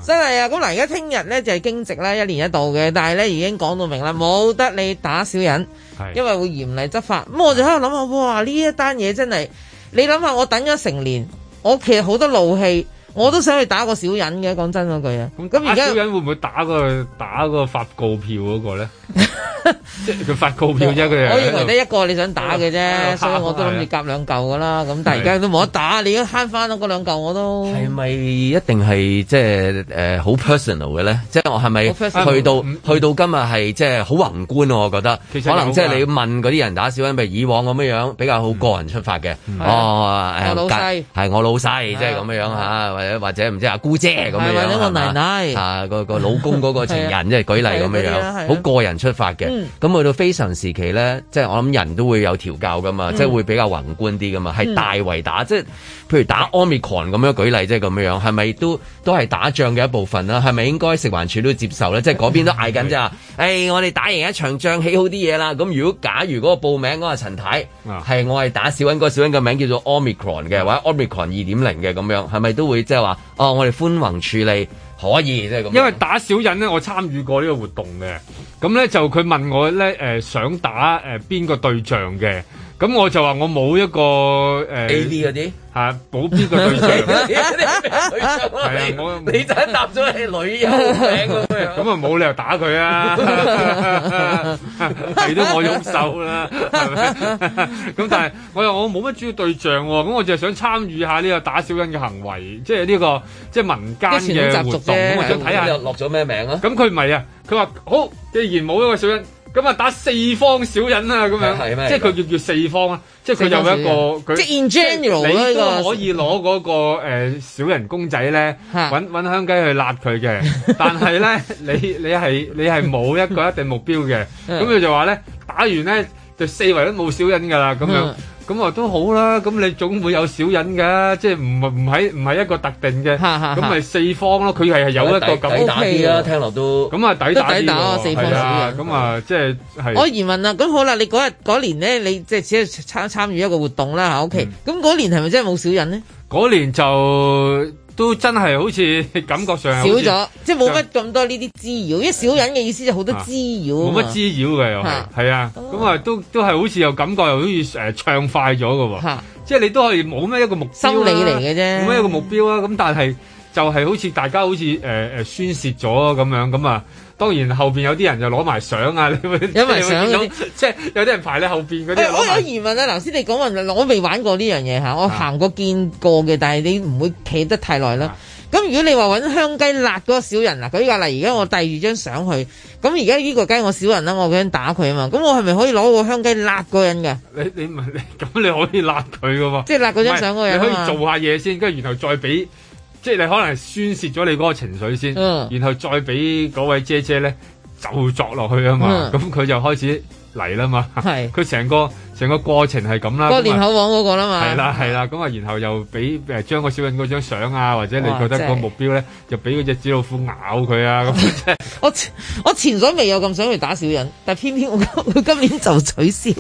真係啊！咁嗱，而家聽日咧就係、是、驚蟄啦，一年一度嘅，但係咧已經講到明啦，冇得你打小人，因為會嚴厲執法。咁我就喺度諗下，哇！呢一單嘢真係，你諗下，我等咗成年，我其實好多怒氣。我都想去打個小人嘅，講真嗰句啊！咁而家小人會唔會打個打個發告票嗰個咧？即係佢發告票啫，佢我以為得一個你想打嘅啫，所以我都諗住夾兩嚿㗎啦。咁但係而家都冇得打，你都慳翻咗嗰兩嚿我都係咪一定係即係誒好 personal 嘅咧？即係我係咪去到、嗯嗯、去到今日係即係好宏觀啊？我覺得其實可能即係你問嗰啲人打小人，譬、嗯、如以往咁樣樣，比較好個人出發嘅。哦、嗯，嗯 oh, 我老細係我老細，即係咁樣樣吓。嗯嗯或者唔知阿姑姐咁樣樣嚇，係係個個奶奶、啊啊啊、老公嗰個情人即係、 (laughs) 啊、舉例咁樣、啊啊、樣，好個人出發嘅。咁去、啊、到非常時期咧、嗯，即係我諗人都會有調教噶嘛，嗯、即係會比較宏觀啲噶嘛，係大圍打，嗯、即係譬如打 Omicron 咁樣舉例，即係咁樣樣，係咪都都係打仗嘅一部分啦？係咪應該食環署都接受咧？即係嗰邊都嗌緊啫。誒、啊哎，我哋打贏一場仗，起好啲嘢啦。咁如果假如嗰個報名嗰個陳太係、啊、我係打小恩哥，小恩嘅名叫做 Omicron 嘅、嗯，或者 Omicron 二點零嘅咁樣，係咪都會？即係話，哦，我哋寬宏處理可以，即係咁。因為打小人咧，我參與過呢個活動嘅，咁咧就佢問我咧，誒、呃、想打誒邊、呃、個對象嘅？咁我就話我冇一個誒、嗯、A、啊、B 嗰啲吓，冇 b 嘅對象。係 (laughs) 我 (laughs) 你真係搭咗你女友名咁樣。咁啊冇理由打佢啊，肥 (laughs) (laughs) 都手、啊、 (laughs) 我喐手啦，係咪？咁但係我又我冇乜主要對象喎、啊，咁我就係想參與下呢個打小人嘅行為，即係呢、這個即係民間嘅活動。咁我想睇、啊、下落咗咩名啊？咁佢唔係啊，佢話好，既然冇一個小人。咁啊打四方小人啊咁樣，係咩，即係佢叫叫四方啊，即係佢有一個佢，即係 in general 你都可以攞嗰、那個誒、呃、小人公仔咧，揾 (laughs) 揾香雞去揦佢嘅。但係咧， (laughs) 你你係你係冇一個一定目標嘅。咁 (laughs) 佢就話咧，打完咧就四圍都冇小人噶啦咁樣。 (laughs) 咁啊都好啦，咁你總會有小人嘅，即係唔唔唔係一個特定嘅，咁 (laughs) 咪四方咯，佢係有一個咁，咁啊抵打啲啊，聽落都，抵打都打啊，四方小人。咁啊，啊，啊、嗯、即係我疑問啦咁好啦，你嗰日嗰年咧，你即係只係參參與一個活動啦 OK。咁、okay，嗰、嗯、年係咪真係冇小人呢？嗰年就。都真係好似感覺上少咗，即係冇乜咁多呢啲滋擾。因為小少人嘅意思就好多滋擾，冇、啊、乜滋擾嘅又係係啊。咁啊，啊嗯嗯、都都係好似有感覺又好似誒暢快咗㗎喎，即係你都可以冇咩一個目標，心理嚟嘅啫，冇咩一個目標啊。咁、啊、但係就係好似大家好似誒、呃、宣泄咗咁樣咁啊。嗯嗯當然後面有啲人就攞埋相啊！攞埋相嗰啲，即係有啲人排喺後面嗰啲，啊。我有疑問啊！頭先你講話，我未玩過呢樣嘢，我行過見過嘅，但係你唔會企得太耐啦。咁，啊、如果你話揾香雞辣嗰小人啊，咁舉個例，而家我遞住張相去，咁而家呢個雞我小人啦，我想打佢啊嘛，咁我係咪可以攞個香雞辣個人嘅？你，你唔係，咁你可以辣佢㗎喎。即係辣嗰張相嗰人。你可以做下嘢先，跟，啊、住然後再俾。即係你可能宣洩咗你嗰個情緒先、嗯，然後再俾嗰位姐姐咧就作落去啊嘛，咁、嗯、佢就開始嚟啦嘛，係佢成個成個過程係咁、那個、啦，嗰個連口網嗰個啦嘛，係啦係啦，咁啊然後又俾誒將個小人嗰張相啊，或者你覺得、就是那個目標咧就俾嗰隻紙老虎咬佢啊咁，就是、 (laughs) 我我前所未有咁想去打小人，但偏偏我今年就取消。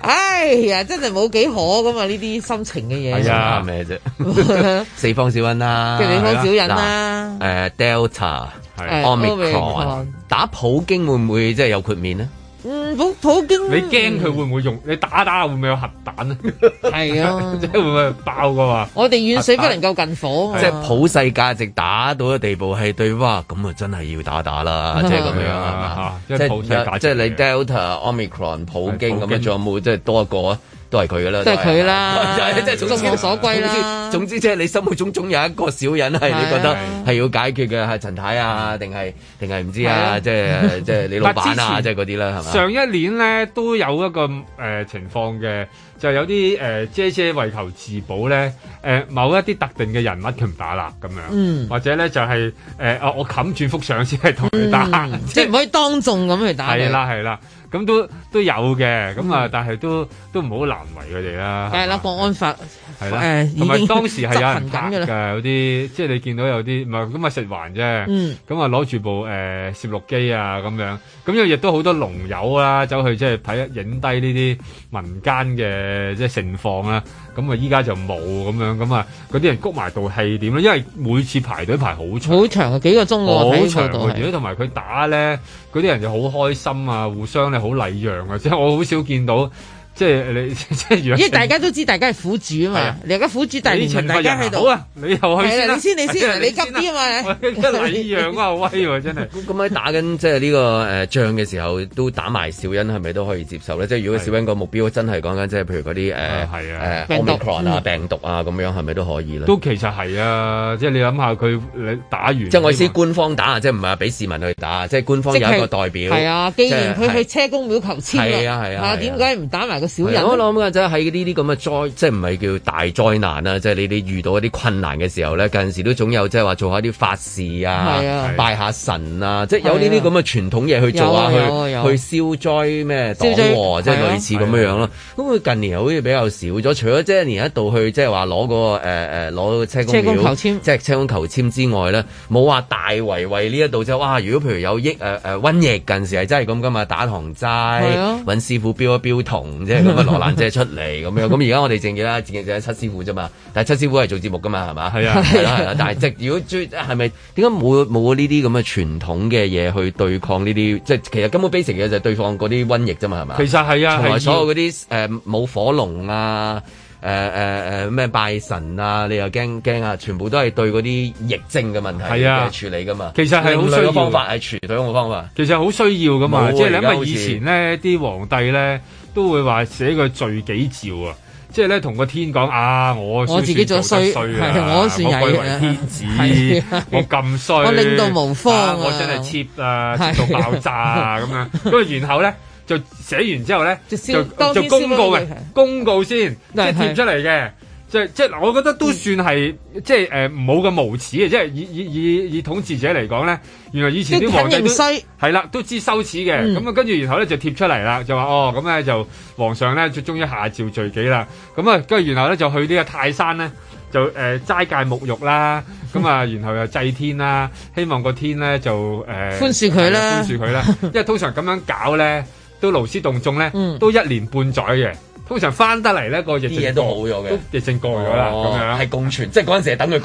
哎呀，真係冇幾可㗎嘛。呢啲心情嘅嘢，係、哎、啊，咩啫？四方小人啦，四方小人啦、啊，誒、 (laughs) 啊啊呃、Delta、啊、Omicron，Omicron 打普京會唔會即係有豁免咧？嗯，普普京，你驚佢會唔會用？你打打會唔會有核彈 (laughs) 是啊？係啊，即係會唔會爆噶嘛？我哋遠水不能夠近火即、啊、係、就是、普世價值打到嘅地步係對哇，咁啊真係要打打啦，即係咁樣即係、啊啊就是、普世價值，即、就、係、是、你 Delta Omicron,、Omicron、啊、普京咁啊，仲有冇即係多一個啊？都係佢噶啦，即係佢啦，即係眾所歸啦。總之即係你心目中總有一個小人係你覺得係要解決嘅，係、啊、陳太啊，定係定係唔知啊，是啊，即係 (laughs) 即係你老闆啊，即係嗰啲啦，係、就、咪、是？上一年咧都有一個誒、呃、情況嘅。就有啲誒姐姐為求自保咧，誒、呃、某一啲特定嘅人物佢唔打啦咁樣、嗯，或者咧就係、是、誒、呃、我冚住幅相先係同佢打，嗯 (laughs) 就是、即係唔可以當眾咁去打。係啦係啦，咁都都有嘅，咁啊但係都都唔好難為佢哋啦。係啦，國安法係啦，誒同埋當時係執行緊㗎啦，有啲即係你見到有啲唔係咁啊食環啫，咁啊攞住部誒、呃、攝錄機啊咁樣。咁又亦都好多龍友啦，走去即係睇影低呢啲民間嘅即係盛況啦。咁啊依家就冇咁樣，咁啊嗰啲人谷埋道氣點咧？因為每次排隊排好長，好長啊幾個鐘㗎好長喎。而且同埋佢打咧，嗰啲人就好開心啊，互相咧好禮讓啊，即係我好少見到。即係你即係如果，因為大家都知道大家係苦主啊嘛，你而家苦主帶住大家喺度、啊，好啊，你又去、啊啊，你先你先、啊、你先，你急啲啊嘛，你啊真係一樣啊 (laughs) 威喎、啊，真係咁喺打緊即係、這、呢個誒、呃、仗嘅時候，都打埋小欣係咪都可以接受咧？ (laughs) 即係如果小欣個目標真係講緊即係譬如嗰啲誒，係、呃、啊，Omicron 啊、呃病毒呃、病毒啊咁、啊、樣係咪都可以咧？都其實係啊，即係你諗下佢你打完，即係我意思係官方打即係唔係俾市民去打，即係官方有一個代表，係啊，既然佢去車公廟求籤，係啊係啊，點解唔打埋我諗嘅就係喺呢啲咁嘅災，即係唔係叫大災難啊？即、就、係、是、你哋遇到一啲困難嘅時候咧，近時都總有即係話做下啲法事啊，啊拜下神啊，啊即係有呢啲咁嘅傳統嘢去做下、啊、去、啊、去消、啊、災咩？消喎，即係、啊就是、類似咁樣囉。咯、啊。咁佢近年好似比較少咗，除咗即係一年一度去即係話攞個誒攞、呃、車公，車公即係求籤之外咧，冇話大圍呢一度啫、就是。哇！如果譬如有疫誒瘟疫，近時係真係咁噶嘛，打堂齋揾師傅標一標銅啫。咁羅蘭姐出嚟咁樣，咁而家我哋正月啦，正月就係七師傅啫嘛。但係七師傅係做節目噶嘛，係嘛？係啊，係、啊 (laughs) 啊、但係即如果追係咪？點解冇冇呢啲咁嘅傳統嘅嘢去對抗呢啲？即係其實根本 basic 嘅就係對抗嗰啲瘟疫啫嘛，係嘛？其實係啊，係同所有嗰啲誒冇火龍啊，誒誒誒咩拜神啊，你又驚驚啊，全部都係對嗰啲疫症嘅問題、啊、去處理噶嘛。其實係好需要方法，係傳統方法。其實好需要噶嘛，啊、即係你因為以前呢啲皇帝咧。都會話寫個罪己詔啊，即係咧同個天講啊，我我自己做得衰做得衰啊，是我算貴為天子， (laughs) 我咁衰，我令到無方，啊啊、我真係 cheap 啊，切到爆炸啊咁樣，咁 (laughs) 然後咧就寫完之後咧就就公告嘅，公告先即係貼出嚟嘅。即係即係，我覺得都算係即係唔好咁無恥嘅，即係以以以以統治者嚟講咧，原來以前啲皇帝都係啦，都知羞恥嘅。咁、嗯、啊，跟住然後咧就貼出嚟啦，就話哦咁咧就皇上咧就終於下詔罪己啦。咁、嗯、啊，跟住然後咧就去呢個泰山咧，就誒、呃、齋戒沐浴啦。咁啊，然後又祭天啦，希望個天咧就誒寬恕佢啦，寬恕佢啦。 (laughs) 因為通常咁樣搞咧都勞師動眾咧，都一年半載嘅。通常翻得嚟咧個疫，啲嘢都好咗嘅，疫症過咗啦，咁、哦、樣係共存，即係嗰陣時係等佢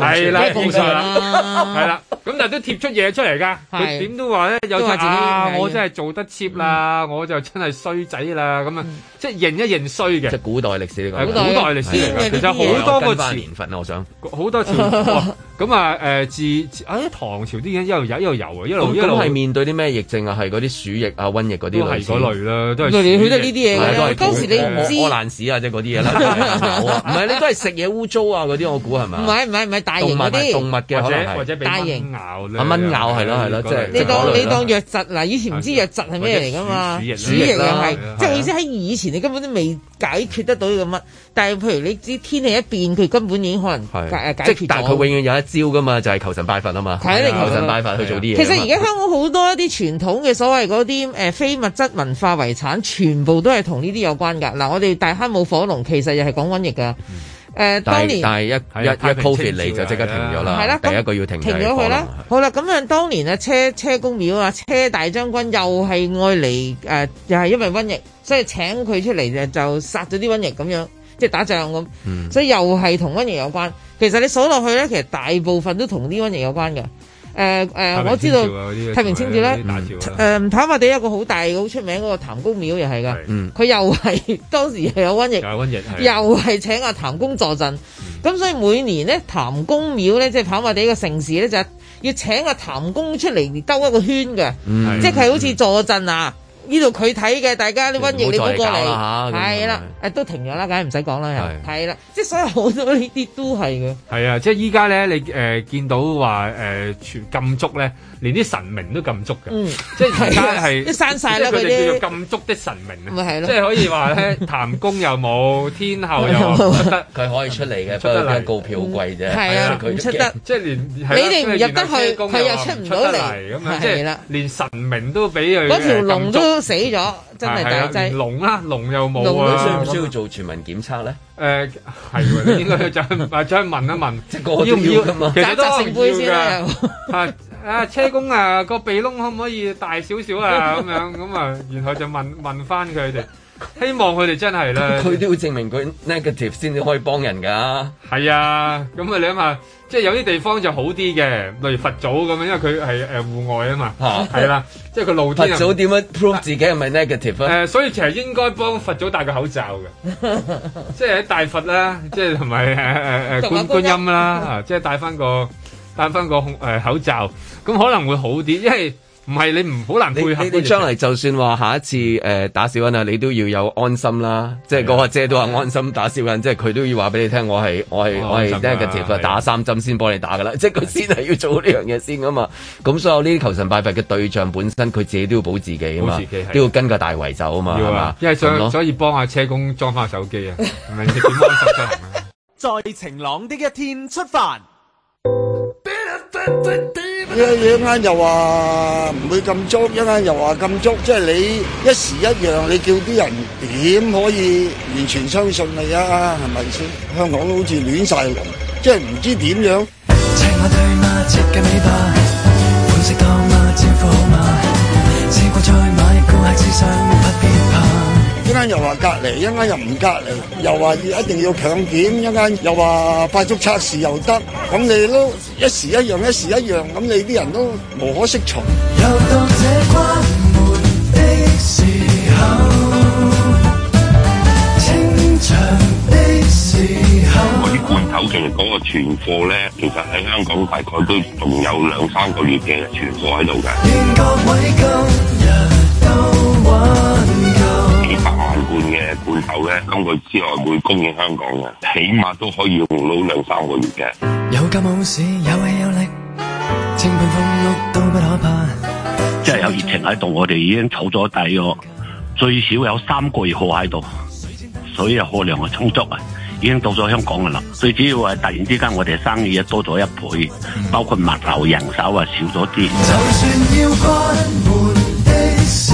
共存，係啦，係啦。咁 (laughs) 但係都貼出嘢出嚟㗎，佢點都話咧有太字我真係做得 cheap 啦、嗯，我就真係衰仔啦，咁啊、嗯，即係認一認衰嘅。即係古代歷史嗰個，古代歷史,代歷史其實好多個年份啊， (laughs) 我,我想好多次 (laughs) 咁啊，誒、呃、自喺、哎、唐朝啲嘢一路有，一路有啊、嗯，一路一路。咁係面對啲咩疫症啊？係嗰啲鼠疫啊、瘟疫嗰啲。都係類啦，都係。佢都係呢啲嘢嘅。當時你唔知爛屎啊，即嗰啲嘢啦。唔係，你都係食嘢污糟啊，嗰啲我估係咪？唔係唔係唔係大型啲。動物嘅可能或者。大型咬。啊蚊咬係咯係咯，即係。你當你當瘧疾嗱，以前唔知瘧疾係咩嚟㗎嘛？鼠疫又係，即係意思喺以前你根本都未解決得到呢個乜。但係，譬如你知天氣一變，佢根本已經可能解解決咗。但係佢永遠有一招㗎嘛，就係、是、求神拜佛啊嘛定。求神拜佛去做啲嘢。其實而家香港好多一啲傳統嘅所謂嗰啲誒非物質文化遺產， (laughs) 全部都係同呢啲有關㗎。嗱，我哋大坑舞火龍，其實又係講瘟疫㗎。誒、呃，當年但係一一一嚟就即刻停咗啦。係啦，第一個要停停咗佢啦。好啦，咁啊，當年啊，車車公廟啊，車大將軍又係愛嚟誒、呃，又係因為瘟疫，所以請佢出嚟就就殺咗啲瘟疫咁樣。即係打仗咁，所以又係同瘟疫有關。其實你數落去咧，其實大部分都同啲瘟疫有關嘅。誒、呃、誒、呃啊，我知道太平清醮咧、啊，誒跑馬地一個好大的、好出名嗰個譚公廟是的、嗯、又係噶。佢又係當時又有瘟疫，瘟疫是又係請阿譚公坐鎮。咁、嗯嗯、所以每年咧，譚公廟咧，即係跑馬地一個城市咧，就係、是、要請阿譚公出嚟兜一個圈嘅、嗯。即係佢好似坐鎮啊。呢度佢睇嘅，大家啲瘟疫你搬過嚟，係啦，誒都停咗啦，梗係唔使講啦，又係啦，即係所以好多呢啲都係嘅。係啊，即係依家咧，你誒、呃、見到話誒全禁足咧。連啲神明都禁足嘅，即係而家係都刪曬啦。佢叫做禁足的神明啊，即係可以話咧，譚公又冇，天后又唔得，佢可以出嚟嘅，不過告票貴啫。係啊，佢出得即係連你哋入得去，佢又出唔到嚟咁啊！即係連神明都俾啊，嗰條龍都死咗，真係大劑。龍啊，龍又冇啊！需唔需要做全民檢測咧？誒，係應該就係再問一問，要唔要？其實都唔會嘅啊。啊，車公啊，個鼻窿可唔可以大少少啊？咁樣咁啊，然後就問問翻佢哋，希望佢哋真係呢？佢 (laughs) 都要證明佢 negative 先至可以幫人噶。係啊，咁啊，你諗下，即係有啲地方就好啲嘅，例如佛祖咁樣，因為佢係誒戶外啊嘛。係、啊、啦，即係佢露天。佛祖點樣 prove 自己係咪 negative 啊，啊？所以其實應該幫佛祖戴個口罩嘅， (laughs) 即係大佛啦，即係同埋誒誒誒觀觀，觀音啦，啊、即係戴翻個。戴翻個誒、呃、口罩，咁可能會好啲，因為唔係你唔好難配合。你將來就算話下一次誒、呃、打小人啊，你都要有安心啦。啊、即係嗰個姐都話安心打小人、啊，即係佢都要話俾你聽，我係、啊、我係我係 n e g a 打三針先幫你打噶啦，啊、即係佢先係要做呢樣嘢先㗎嘛。咁、啊、所有呢啲求神拜佛嘅對象本身，佢自己都要保自己，嘛保自己啊嘛，都要跟個大圍走嘛啊嘛，因為想所以幫下車公裝翻手機啊，唔係點安心出行啊？在 (laughs) 晴朗的一天出發。一陣間又話唔會咁足，一陣間又話咁足，即係你一時一樣，你叫啲人點可以完全相信你啊？係咪先？香港都好似亂晒龍，即係唔知點樣。一間又話隔離，一間又唔隔離，又話要一定要強檢，一間又話快速測試又得，咁你都一時一樣，一時一樣，咁你啲人都無可適從。又到這關門的時候，清場的時候。我啲罐頭仲係嗰個存貨咧，其實喺香港大概都仲有兩三個月嘅存貨喺度㗎。願各位今日都。罐嘅罐頭咧，咁佢之外會供應香港嘅，起碼都可以用到兩三個月嘅。有咁好事，有氣有力，千般風雨都不可怕。即係有疫情喺度，我哋已經儲咗底咯，最少有三個月貨喺度，所以啊貨量啊充足啊，已經到咗香港噶啦。最主要係突然之間我哋生意啊多咗一倍，包括物流人手啊少咗啲。就算要關門的事，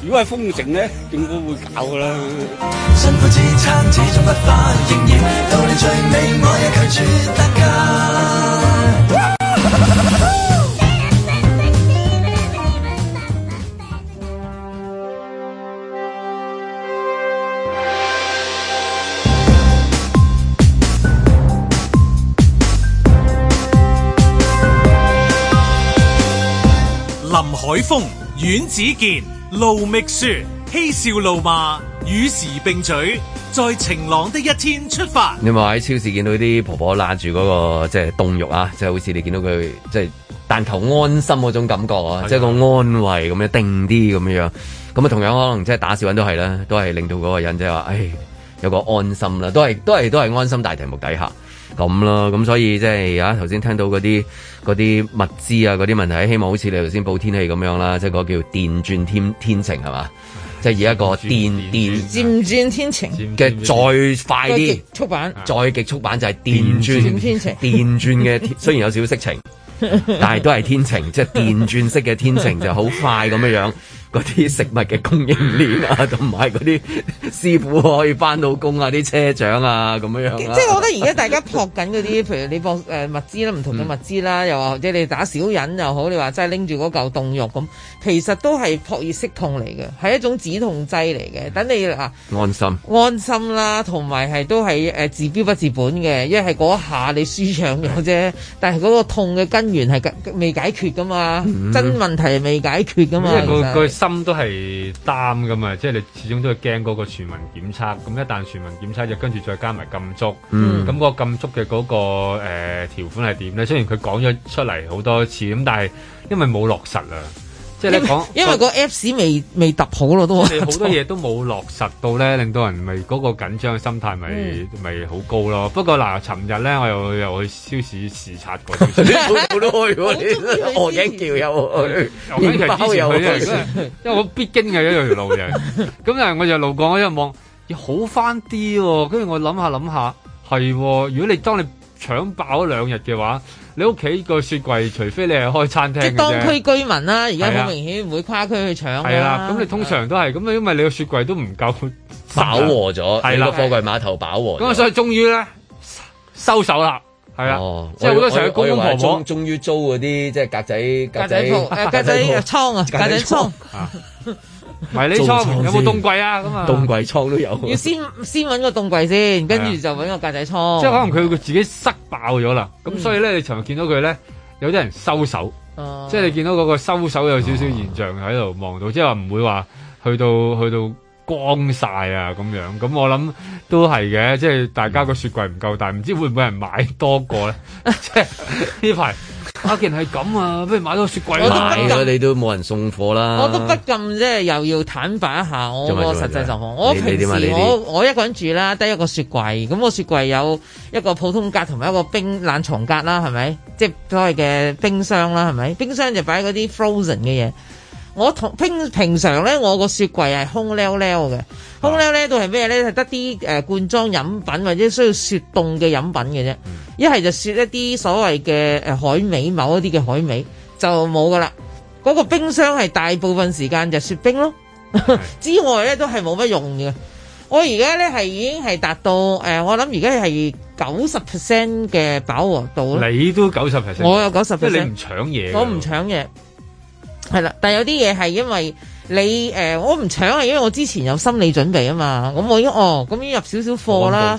如果係封城咧，政府會搞噶啦。林海峰。阮子健、盧覓雪、嬉笑怒罵與時並嘴，在晴朗的一天出發。你話喺超市見到啲婆婆拉住嗰個即係凍肉啊，即係好似你見到佢即係但求安心嗰種感覺啊，即係個安慰咁樣定啲咁樣樣。咁啊，同樣可能即係打小人都係啦，都係令到嗰個人即係話，唉，有個安心啦，都係都係都係安心大題目底下。咁咯，咁所以即係啊，頭先聽到嗰啲嗰啲物資啊，嗰啲問題，希望好似你頭先報天氣咁樣啦，即係個叫電轉天天晴係嘛？即係以一個電電漸轉天晴嘅再快啲速版，啊，再極速版就係電轉天晴，電轉嘅 (laughs) 雖然有少少色情， (laughs) 但係都係天晴，即係電轉式嘅天晴就好快咁樣樣。嗰啲食物嘅供應鏈啊，同埋嗰啲師傅可以翻到工啊，啲車長啊咁樣啊，即係我覺得而家大家撲緊嗰啲， (laughs) 譬如你撲、呃、物資啦，唔同嘅物資啦、嗯，又或者你打小人又好，你話真係拎住嗰嚿凍肉咁，其實都係撲熱息痛嚟嘅，係一種止痛劑嚟嘅。等你啊，安心安心啦，同埋係都係誒治標不治本嘅，因為係嗰下你舒暢咗啫，但係嗰個痛嘅根源係未解決噶嘛、嗯，真問題未解決噶嘛。嗯心都係擔㗎嘛，即係你始終都係驚嗰個全民檢測。咁一旦全民檢測，就跟住再加埋禁足。咁、嗯嗯嗰個禁足嘅嗰、嗰個誒條、呃、款係點咧？雖然佢講咗出嚟好多次，咁但係因為冇落實啊。即係你講，因為個 Apps 未未揼好咯，都很，好多嘢都冇落實到咧，令到人咪嗰個緊張嘅心態咪咪好高咯。不過嗱，尋日咧我又我又去超市視察過，好耐喎，我何影橋又去，麵包又去，因為我必經嘅一條路嘅。咁 (laughs) 啊， (laughs) (laughs) 我就路過嗰陣望，又好翻啲、哦。跟住我諗下諗下，係、哦，如果你當你。搶爆咗兩日嘅話，你屋企個雪櫃，除非你係開餐廳嘅，即當區居民啦，啊。而家好明顯會跨區去搶噶啦。咁，啊，你通常都係咁，因為你個雪櫃都唔夠飽和咗，個貨櫃碼頭飽和。咁啊，啊所以終於咧收手啦，係啊，哦，即係好多時去公公婆婆我。終於租嗰啲即係格仔格仔鋪誒，格仔倉啊，格仔倉。格仔 (laughs) 迷你倉有冇凍櫃啊？咁啊， (laughs) 啊，凍櫃倉都有。要先先搵個凍櫃先，跟住就搵個格仔倉。即係可能佢自己塞爆咗啦，咁、嗯、所以咧，你尋日見到佢咧，有啲人收手，啊、即係你見到嗰個收手有少少現象喺度望到，啊、即係話唔會話去到去到光晒啊咁樣。咁我諗都係嘅，即係大家個雪櫃唔夠大，唔、嗯、知會唔會人買多個咧？ (laughs) 即係呢排。阿健係咁啊，不如買多個雪櫃。買咗你都冇人送貨啦。我都不禁即係又要坦白一下我個實際狀況。我平時我我，我一個人住啦，得一個雪櫃。咁個雪櫃有一個普通格同埋一個冰冷藏格啦，係咪？即係所謂嘅冰箱啦，係咪？冰箱就擺嗰啲 frozen 嘅嘢。我平平常咧，我個雪櫃係空溜溜嘅，空溜溜都係咩咧？係得啲誒罐裝飲品或者需要雪凍嘅飲品嘅啫，一、嗯、係就雪一啲所謂嘅誒海味，某一啲嘅海味就冇噶啦。嗰個冰箱係大部分時間就雪冰咯， (laughs) 之外咧都係冇乜用嘅。我而家咧係已經係達到誒、呃，我諗而家係九十 percent 嘅飽和度啦。你都九十 percent，我有九十 percent，即係你唔搶嘢，我唔搶嘢。係啦，但係有啲嘢係因為你誒、呃，我唔搶係因為我之前有心理準備啊嘛，咁我因哦咁已經入少少貨啦，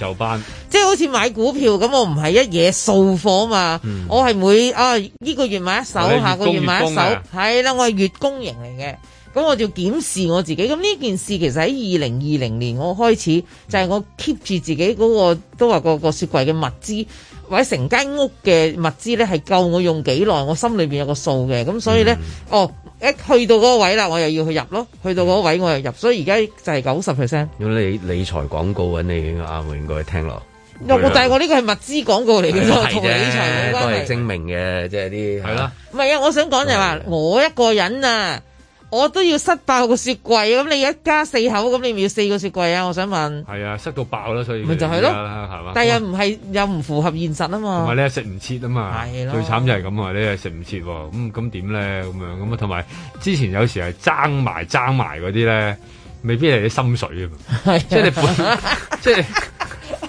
即係好似買股票咁，嗯，我唔係一嘢掃貨啊嘛，我係每啊呢個月買一手，啊，下個月買一手，係啦，啊，我係月供型嚟嘅，咁我就檢視我自己，咁呢件事其實喺二零二零年我開始就係我 keep 住自己嗰，嗰個都話個雪櫃嘅物資。或者成間屋嘅物資咧係夠我用幾耐，我心裏邊有個數嘅，咁所以咧、嗯，哦，一去到嗰個位啦，我又要去入咯，去到嗰個位我又入，所以而家就係九十 percent。如果你理，理財廣告揾你嘅話應該，我應該去聽落。有、嗯、冇但係我呢個係物資廣告嚟嘅咯，同理財。都係精明嘅，即係啲。係咯。唔係啊，我想講就係話我一個人啊。我都要塞爆個雪櫃，咁你一家四口，咁你咪要四個雪櫃啊？我想問。係啊，塞到爆啦，所以咪就係咯，係嘛？但又唔係又唔符合現實啊嘛。唔係，你係食唔切啊嘛。係咯。最慘就係咁啊！你係食唔切喎，咁咁點咧？咁樣咁啊，同埋之前有時係爭埋爭埋嗰啲咧，未必係啲心水啊係。即、就是、你即係 (laughs) (laughs)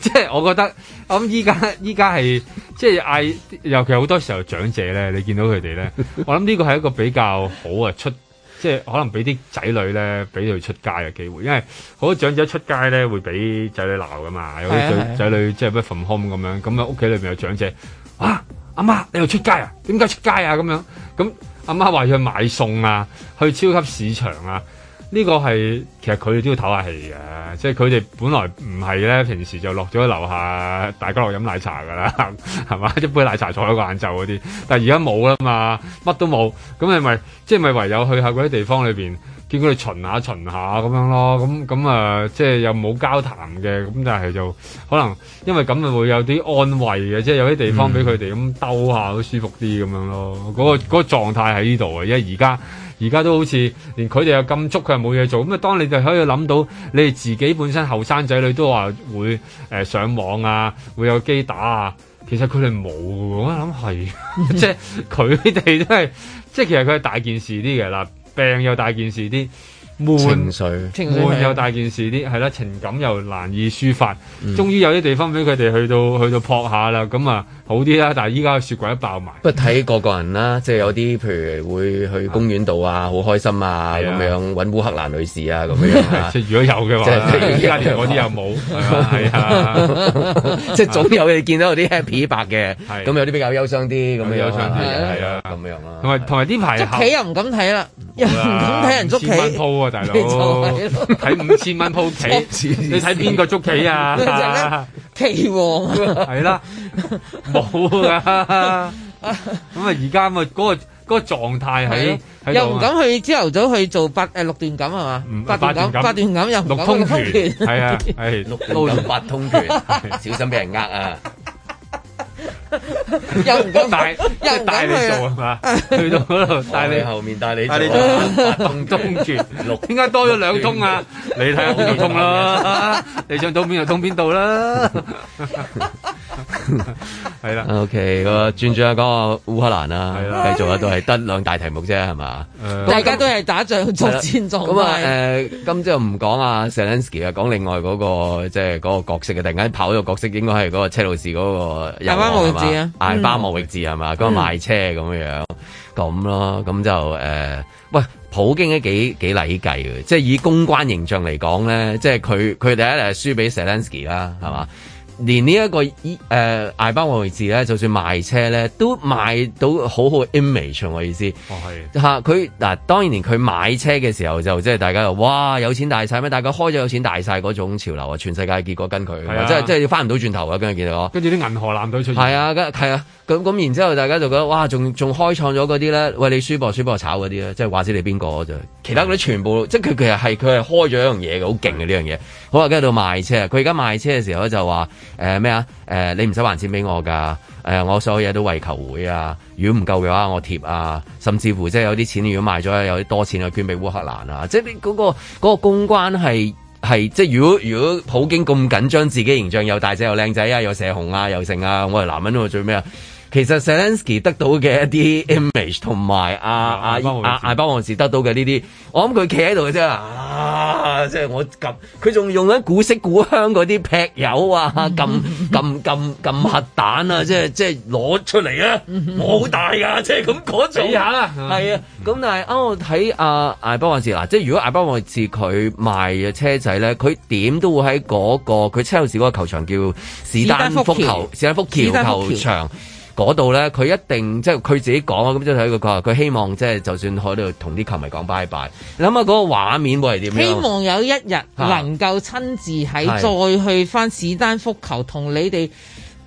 即 (laughs) 係我覺得，我諗依家依家係即係嗌，尤其好多時候長者咧，你見到佢哋咧， (laughs) 我諗呢個係一個比較好啊出，即係可能俾啲仔女咧俾佢出街嘅機會，因為好多長者出街咧會俾仔女鬧噶嘛，有啲仔女即係 work from home 咁樣，咁啊屋企裏面有長者，啊阿媽你又出街啊？點解出街啊？咁樣咁阿媽話要去買餸啊，去超級市場啊。呢、這個係其實佢哋都要唞下氣嘅，即係佢哋本來唔係咧，平時就落咗樓下，大家落飲奶茶噶啦，係嘛？一杯奶茶坐喺個晏晝嗰啲，但係而家冇啦嘛，乜都冇，咁你咪即係咪唯有去下嗰啲地方裏邊，見佢哋巡下巡下咁樣咯，咁咁啊，即係又冇交談嘅，咁但係就可能因為咁啊，會有啲安慰嘅，即係有啲地方俾佢哋咁兜下都、嗯、舒服啲咁樣咯，嗰、那個嗰、那個狀態喺呢度啊，因為而家。而家都好似連佢哋又禁足，佢係冇嘢做。咁啊，當你哋可以諗到，你哋自己本身後生仔女都話會上網啊，會有機打啊。其實佢哋冇嘅喎，我諗係即係佢哋都係，即係其實佢係大件事啲嘅啦，病又大件事啲。情緒，情緒又大件事啲，係啦、啊啊，情感又難以抒發，終、嗯、於有啲地方俾佢哋去到去到撲下啦，咁啊好啲啦。但係依家雪櫃一爆埋。不過睇個個人啦、啊，即、就、係、是、有啲譬如會去公園度啊，好、啊、開心啊，咁樣揾烏克蘭女士啊，咁樣。即係、啊啊啊、如果有嘅話，依家其實嗰啲又冇，係啊，啊， (laughs) 啊。即係總有、啊、你見到有啲 happy 白嘅，咁、啊、有啲比較憂傷啲，咁、啊、樣。啊，咁樣同埋同埋呢排捉棋又唔敢睇啦，又唔敢睇人捉大佬睇五千蚊鋪棋，你睇邊個捉棋啊？棋王係啦，冇噶。咁啊，而家咪嗰個嗰個狀態喺喺度。又唔敢去朝頭早去做八誒六段錦係嘛？八段錦，八段錦又六通拳。係啊，係六段錦八通拳，小心俾人呃啊！又唔講，因為帶你做啊嘛？去到嗰度，帶你後面帶你，帶你做八通轉六。點解多咗兩通啊？你睇下邊度通咯？你、啊、 (laughs) 你想通邊就通邊度啦。 (laughs) (laughs) 係 (laughs) 啦 (laughs) ，OK，個轉轉下個烏克蘭啦，繼 (laughs) 續啊，都係得兩大題目啫，係 (laughs) 嘛是吧？ (laughs) 大家都係打仗 (laughs) 做戰爭。咁啊，誒、 (laughs) 嗯，咁那、 (laughs) 呃、就唔講啊 Selensky 講另外嗰、那個即係嗰個角色嘅，突然間跑咗角色，應該係嗰個車路士嗰個艾巴莫域治啊，艾巴莫域治係嘛？嗰 (laughs) 個賣車咁樣，咁咯，咁就誒、呃，喂，普京咧幾幾禮計嘅，即係以公關形象嚟講咧，即係佢佢第一日輸俾 Selensky 啦，係嘛？連呢、這、一個依、呃、艾巴王位置咧，就算賣車咧，都賣到好好 image，我意思。哦，係。佢、啊、嗱，當然連佢買車嘅時候就即係大家就哇有錢大晒咩？大家開咗有錢大晒嗰種潮流啊！全世界結果跟佢、啊，即係即係翻唔到轉頭啊！跟住見到，跟住啲銀河艦隊出現。係啊，咁啊，咁咁然之後，大家就覺得哇，仲仲開創咗嗰啲咧，喂，你輸波輸波炒嗰啲咧，即係話知你邊個就？其他嗰啲全部即係佢其實係佢係開咗一樣嘢嘅，好勁嘅呢樣嘢。好啊，跟住到賣車佢而家賣車嘅時候咧就話。誒咩啊？誒、呃、你唔使還錢俾我㗎。誒、呃、我所有嘢都為球會啊。如果唔夠嘅話，我貼啊。甚至乎即係有啲錢，如果賣咗有啲多錢，去捐俾烏克蘭啊。即係、那、嗰個嗰、那個、公關係係即係如果如果普京咁緊張，自己形象又大隻又靚仔啊，又射紅啊，又剩啊，我係男人喎，做咩啊？其實 Selenski 得到嘅一啲 image 同埋阿阿阿艾巴王士得到嘅呢啲，我諗佢企喺度嘅啫啊！即、就、係、是、我佢仲用緊古色古香嗰啲劈油啊，咁撳撳撳核彈啊！即係即係攞出嚟、就是、啊！好大噶，即係咁講就下係啊，咁但係我睇阿艾巴王仕嗱，即係如果艾巴王仕佢賣嘅車仔咧，佢點都會喺嗰、那個佢車路士嗰個球場叫史丹福球史丹，丹福橋球場。嗰度咧，佢一定即係佢自己講啊！咁即係佢話佢希望即係就算喺度同啲球迷講拜拜，你諗下嗰個畫面會係點？希望有一日能夠親自喺、啊、再去翻史丹福球同你哋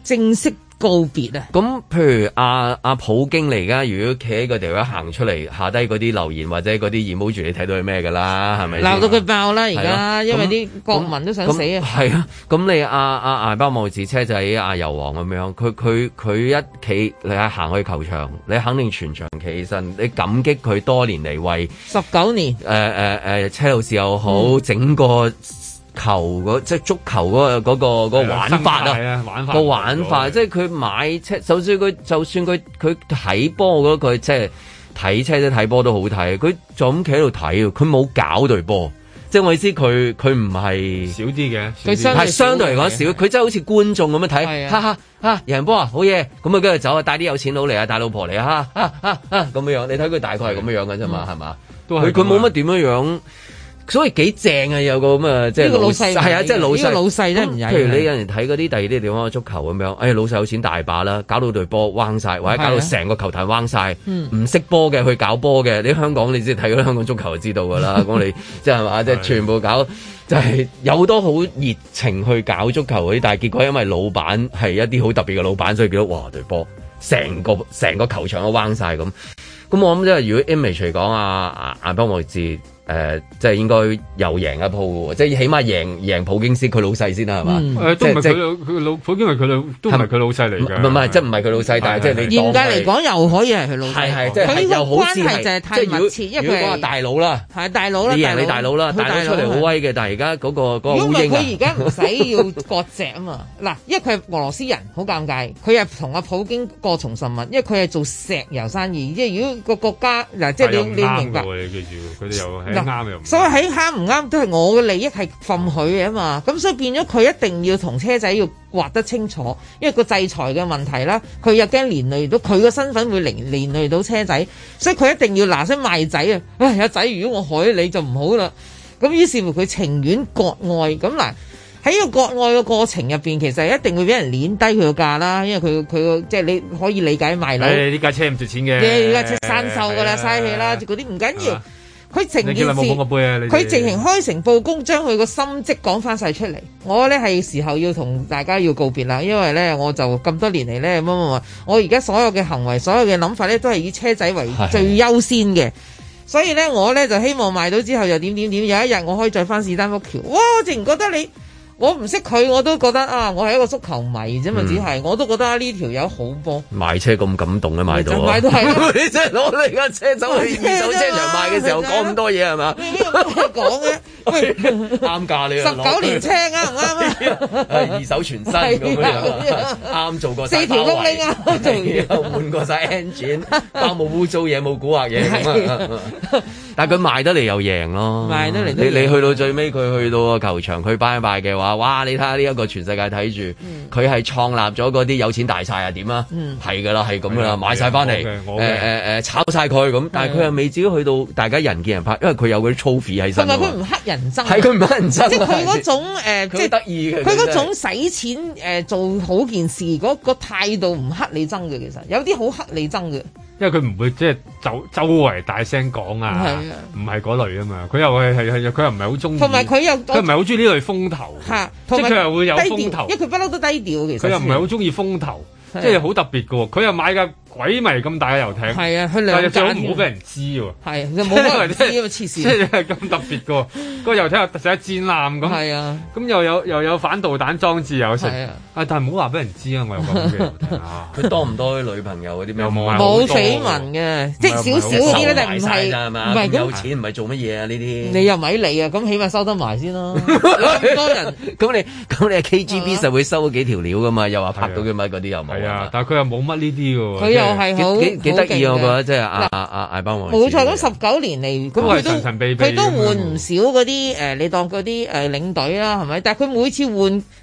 正式。告別咁、啊、譬如阿、啊、阿、啊、普京嚟而家，如果企喺個地方行出嚟，下低嗰啲留言或者嗰啲 emoji，你睇到係咩㗎啦？係咪鬧到佢爆啦、啊？而家因為啲國民都想死啊！係啊，咁你阿阿阿包莫子車仔阿油、啊、王咁樣，佢佢佢一企你行去球場，你肯定全場企起身，你感激佢多年嚟為十九年，誒誒誒車路士又好、嗯、整個。球嗰即係足球嗰、嗰個嗰個、嗰個玩法啊，玩法嗰個玩法即係佢買車，首先佢就算佢佢睇波嗰個即係睇車都睇波都好睇，佢就咁企喺度睇，佢冇搞對波、啊，即係我意思，佢佢唔係少啲嘅，係相對嚟講少，佢真係好似觀眾咁樣睇，哈哈哈贏波啊好嘢，咁啊跟住走啊，帶啲有錢佬嚟啊，帶老婆嚟啊，哈哈啊咁樣、啊、樣，你睇佢大概係咁樣樣嘅啫嘛，係嘛？佢佢冇乜點樣樣。所以幾正啊！有個咁、這個就是、啊，即係呢老細，係、這、啊、個，即係老細老細都譬如你有人睇嗰啲第二啲地方嘅足球咁樣，哎呀老細有錢大把啦，搞到隊波彎晒，或者搞到成個球壇彎晒，唔識波嘅去搞波嘅。你香港你先睇到香港足球就知道噶啦。咁 (laughs) 你即係嘛，即係、就是、全部搞就係、是、有好多好熱情去搞足球啲，但係結果因為老闆係一啲好特別嘅老闆，所以變到哇隊波成個成個球場都彎晒咁。咁我咁即係如果 image 講啊，阿阿波莫治。誒、呃，即係應該又贏一鋪喎，即係起碼贏贏普京先，佢老細先啦，係嘛？都唔係佢佢老普京係佢老，都唔係佢老細嚟嘅。唔係，即唔係佢老細，但係即係你嚴格嚟講，又可以係佢老細。係係，即係又好關係，就係、是、太密切。因為如果講阿大佬啦，係大佬啦，大佬啦，佢大佬嚟好威嘅，但係而家嗰個嗰個，佢而家唔使要割席啊嘛。嗱，因為佢係俄羅斯人，好尷尬。佢又同阿普京過從甚密，因為佢係做石油生意。即係如果個國家嗱，即係你你明白，佢哋有。啊嗯、所以喺啱唔啱都係我嘅利益係奉許嘅啊嘛，咁所以變咗佢一定要同車仔要劃得清楚，因為個制裁嘅問題啦，佢又驚連累到佢個身份會連連累到車仔，所以佢一定要嗱聲賣仔啊！有仔如果我害你，就唔好啦。咁於是乎，佢情願國外咁嗱，喺個國外嘅過程入邊，其實一定會俾人碾低佢個價啦。因為佢佢個即係你可以理解賣樓，哎，你呢架車唔值錢嘅，呢、哎、架車生銹噶啦，嘥氣啦，嗰啲唔緊要。佢成件事，佢直情開誠布公，將佢個心跡講翻晒出嚟。我呢係時候要同大家要告別啦，因為呢，我就咁多年嚟呢，乜乜乜，我而家所有嘅行為，所有嘅諗法呢，都係以車仔為最優先嘅。所以呢，我呢就希望賣到之後又點點點，有一日我可以再翻士丹福橋。哇！直唔覺得你？我唔識佢，我都覺得啊，我係一個足球迷啫嘛，只係、嗯、我都覺得呢條友好波。賣車咁感動咧、啊，賣到買到係，到 (laughs) 你即係攞你架車走去二手車、啊、車場賣嘅時候講咁多嘢係嘛？講嘅。 (laughs) 啱 (laughs) 嫁你啊！十九年車啱唔啱啊？二手全新咁、 (laughs) 啊、樣啊！啱 (laughs) 做過四條骨領 (laughs) (laughs) 啊！仲要換過晒 engine，包冇污糟嘢，冇古惑嘢。但係佢賣得嚟又贏咯。賣得嚟，你去到最尾，佢去到個球場，佢去拜拜嘅話，哇！你睇下呢一個全世界睇住，佢、嗯、係創立咗嗰啲有錢大晒啊，點啊？係㗎啦，係咁㗎啦，買晒翻嚟，誒誒誒炒晒佢咁，但係佢又未至於去到大家人見人怕，因為佢有嗰啲粗 f 喺身。係係佢唔係人憎，係佢唔係人憎。即係佢嗰種誒、呃，即係得意嘅。佢嗰種使錢誒、呃、做好件事，嗰個態度唔乞你憎嘅。其實有啲好乞你憎嘅。因為佢唔會即係周周圍大聲講啊，唔係嗰類啊嘛。佢又係係係，佢又唔係好中意。同埋佢又佢唔係好中意呢類風頭。吓，即係佢又會有風頭，低調，因為佢不嬲都低調。其實佢又唔係好中意風頭，即係好特別㗎。佢又買㗎。鬼迷咁大嘅遊艇，啊、去，但係仲唔好俾人知喎？就冇俾人知黐線。即係咁特別嘅喎， (laughs) 個遊艇又成日戰艦咁，咁、啊、又有又有反導彈裝置又成、啊啊， (laughs) 啊！但係唔好話俾人知啊！我又覺得，佢多唔多女朋友嗰啲咩？冇緋聞嘅，即係少少啲咧，定唔係？唔係有錢，唔係做乜嘢啊？呢啲、啊、你又咪你啊？咁、啊、起碼收得埋先咯、啊。 (laughs) 多人，咁 (laughs) 你咁你，你 KGB、啊、就會收幾條料㗎嘛？又話拍到幾咪嗰啲又咪。但係佢又冇乜呢啲喎。係好幾幾得意，我覺得即係阿、啊啊、阿阿艾邦王，冇錯，咁十九年嚟，佢、啊、都佢都換唔少嗰啲誒，你當嗰啲誒領隊啦、啊，係咪？但係佢每次換，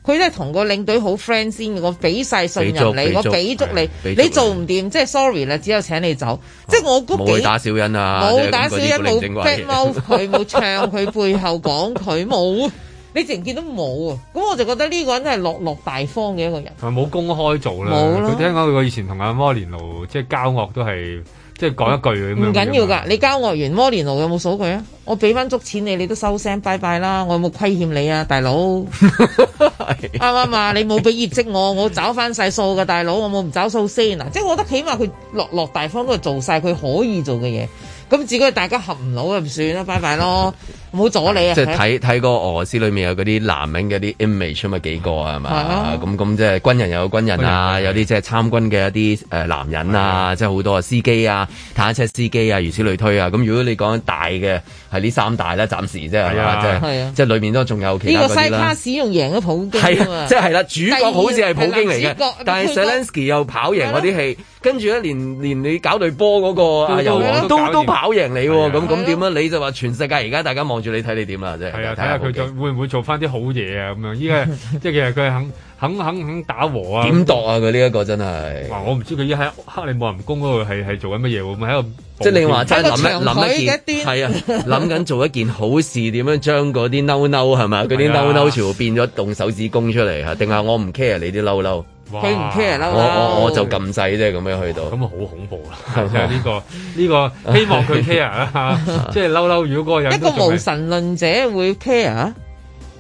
佢都係同個領隊好 friend 先，我俾晒信任你，我俾足你，你做唔掂，即係、就是、sorry 啦，只有請你走。啊、即係我嗰冇打小人啊，冇打小人，冇 back 勾佢，冇 (laughs) 唱佢背後講佢冇。你淨見到冇啊，咁我就覺得呢個人都係落落大方嘅一個人。佢冇公開做啦，佢聽講佢以前同阿摩連奴即係交惡都係即係講一句咁樣。唔緊要㗎，你交惡完摩連奴有冇數佢啊？我俾翻足錢你，你都收聲拜拜啦。我有冇虧欠你啊，大佬？啱啱啊？你冇俾業績我，我找翻晒數㗎大佬，我冇唔找數先啊！即係我覺得起碼佢落落大方都係做晒佢可以做嘅嘢，咁只嗰大家合唔到就算啦，拜拜咯。冇阻你啊！即係睇睇個俄羅斯裏面有嗰啲男人嗰啲 image 咪幾個啊？係嘛、啊？咁咁即係軍人又有軍人啊，人啊有啲即係參軍嘅一啲誒、呃、男人啊，即係好多啊，多司機啊，坦克司機啊，如此類推啊。咁如果你講大嘅係呢三大咧，暫時、啊啊就是啊啊、即係即係即係裏面都仲有其他呢、啊這個西卡使用贏咗普京、啊，即係啦。主角好似係普京嚟嘅，但係 Selensky 又跑贏嗰啲戲，跟住咧連連你搞隊波嗰個啊，又、啊、王都、啊、都，都跑贏你、啊，咁咁點樣啊？你就話全世界而家大家望。望住你睇你點啦，真係睇下佢做會唔會做翻啲好嘢啊？咁樣依家即係其實佢肯 (laughs) 肯肯肯打和啊，點度啊？佢呢一個真係，我唔知佢依家喺克里蒙人工克里姆林宮嗰度係係做緊乜嘢喎？喺度即係你話真係諗一諗一，係 (laughs) 啊，諗緊做一件好事，點樣將嗰啲嬲嬲係嘛？嗰啲嬲嬲全部變咗動手指公出嚟嚇？定係我唔 care 你啲嬲嬲？佢唔 care 啦，我我我就撳掣啫，咁樣去到，咁啊好恐怖啦， (laughs) (laughs) 就呢個呢個，這個、希望佢 care 啦，即係嬲嬲，如果嗰個人一個無神論者會 care 啊？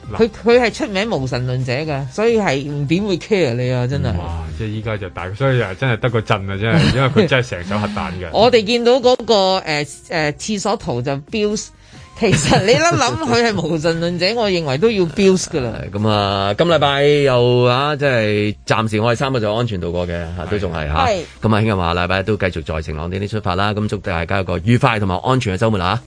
(laughs) 佢佢係出名無神論者㗎。所以係唔點會 care 你啊，真係、嗯。哇！即係依家就大，所以啊，真係得個震啊，真係，因為佢真係成手核彈嘅。 (laughs) 我哋見到嗰、那個誒誒廁所圖就 (laughs) 其實你諗諗，佢係無神論者， (laughs) 我認為都要 build 噶啦。咁、嗯、啊，今禮拜又啊，即係暫時我哋三個就安全度過嘅，都仲係吓。咁希望下禮拜都繼續在晴朗啲啲出發啦。咁祝大家一個愉快同埋安全嘅周末啦吓。啊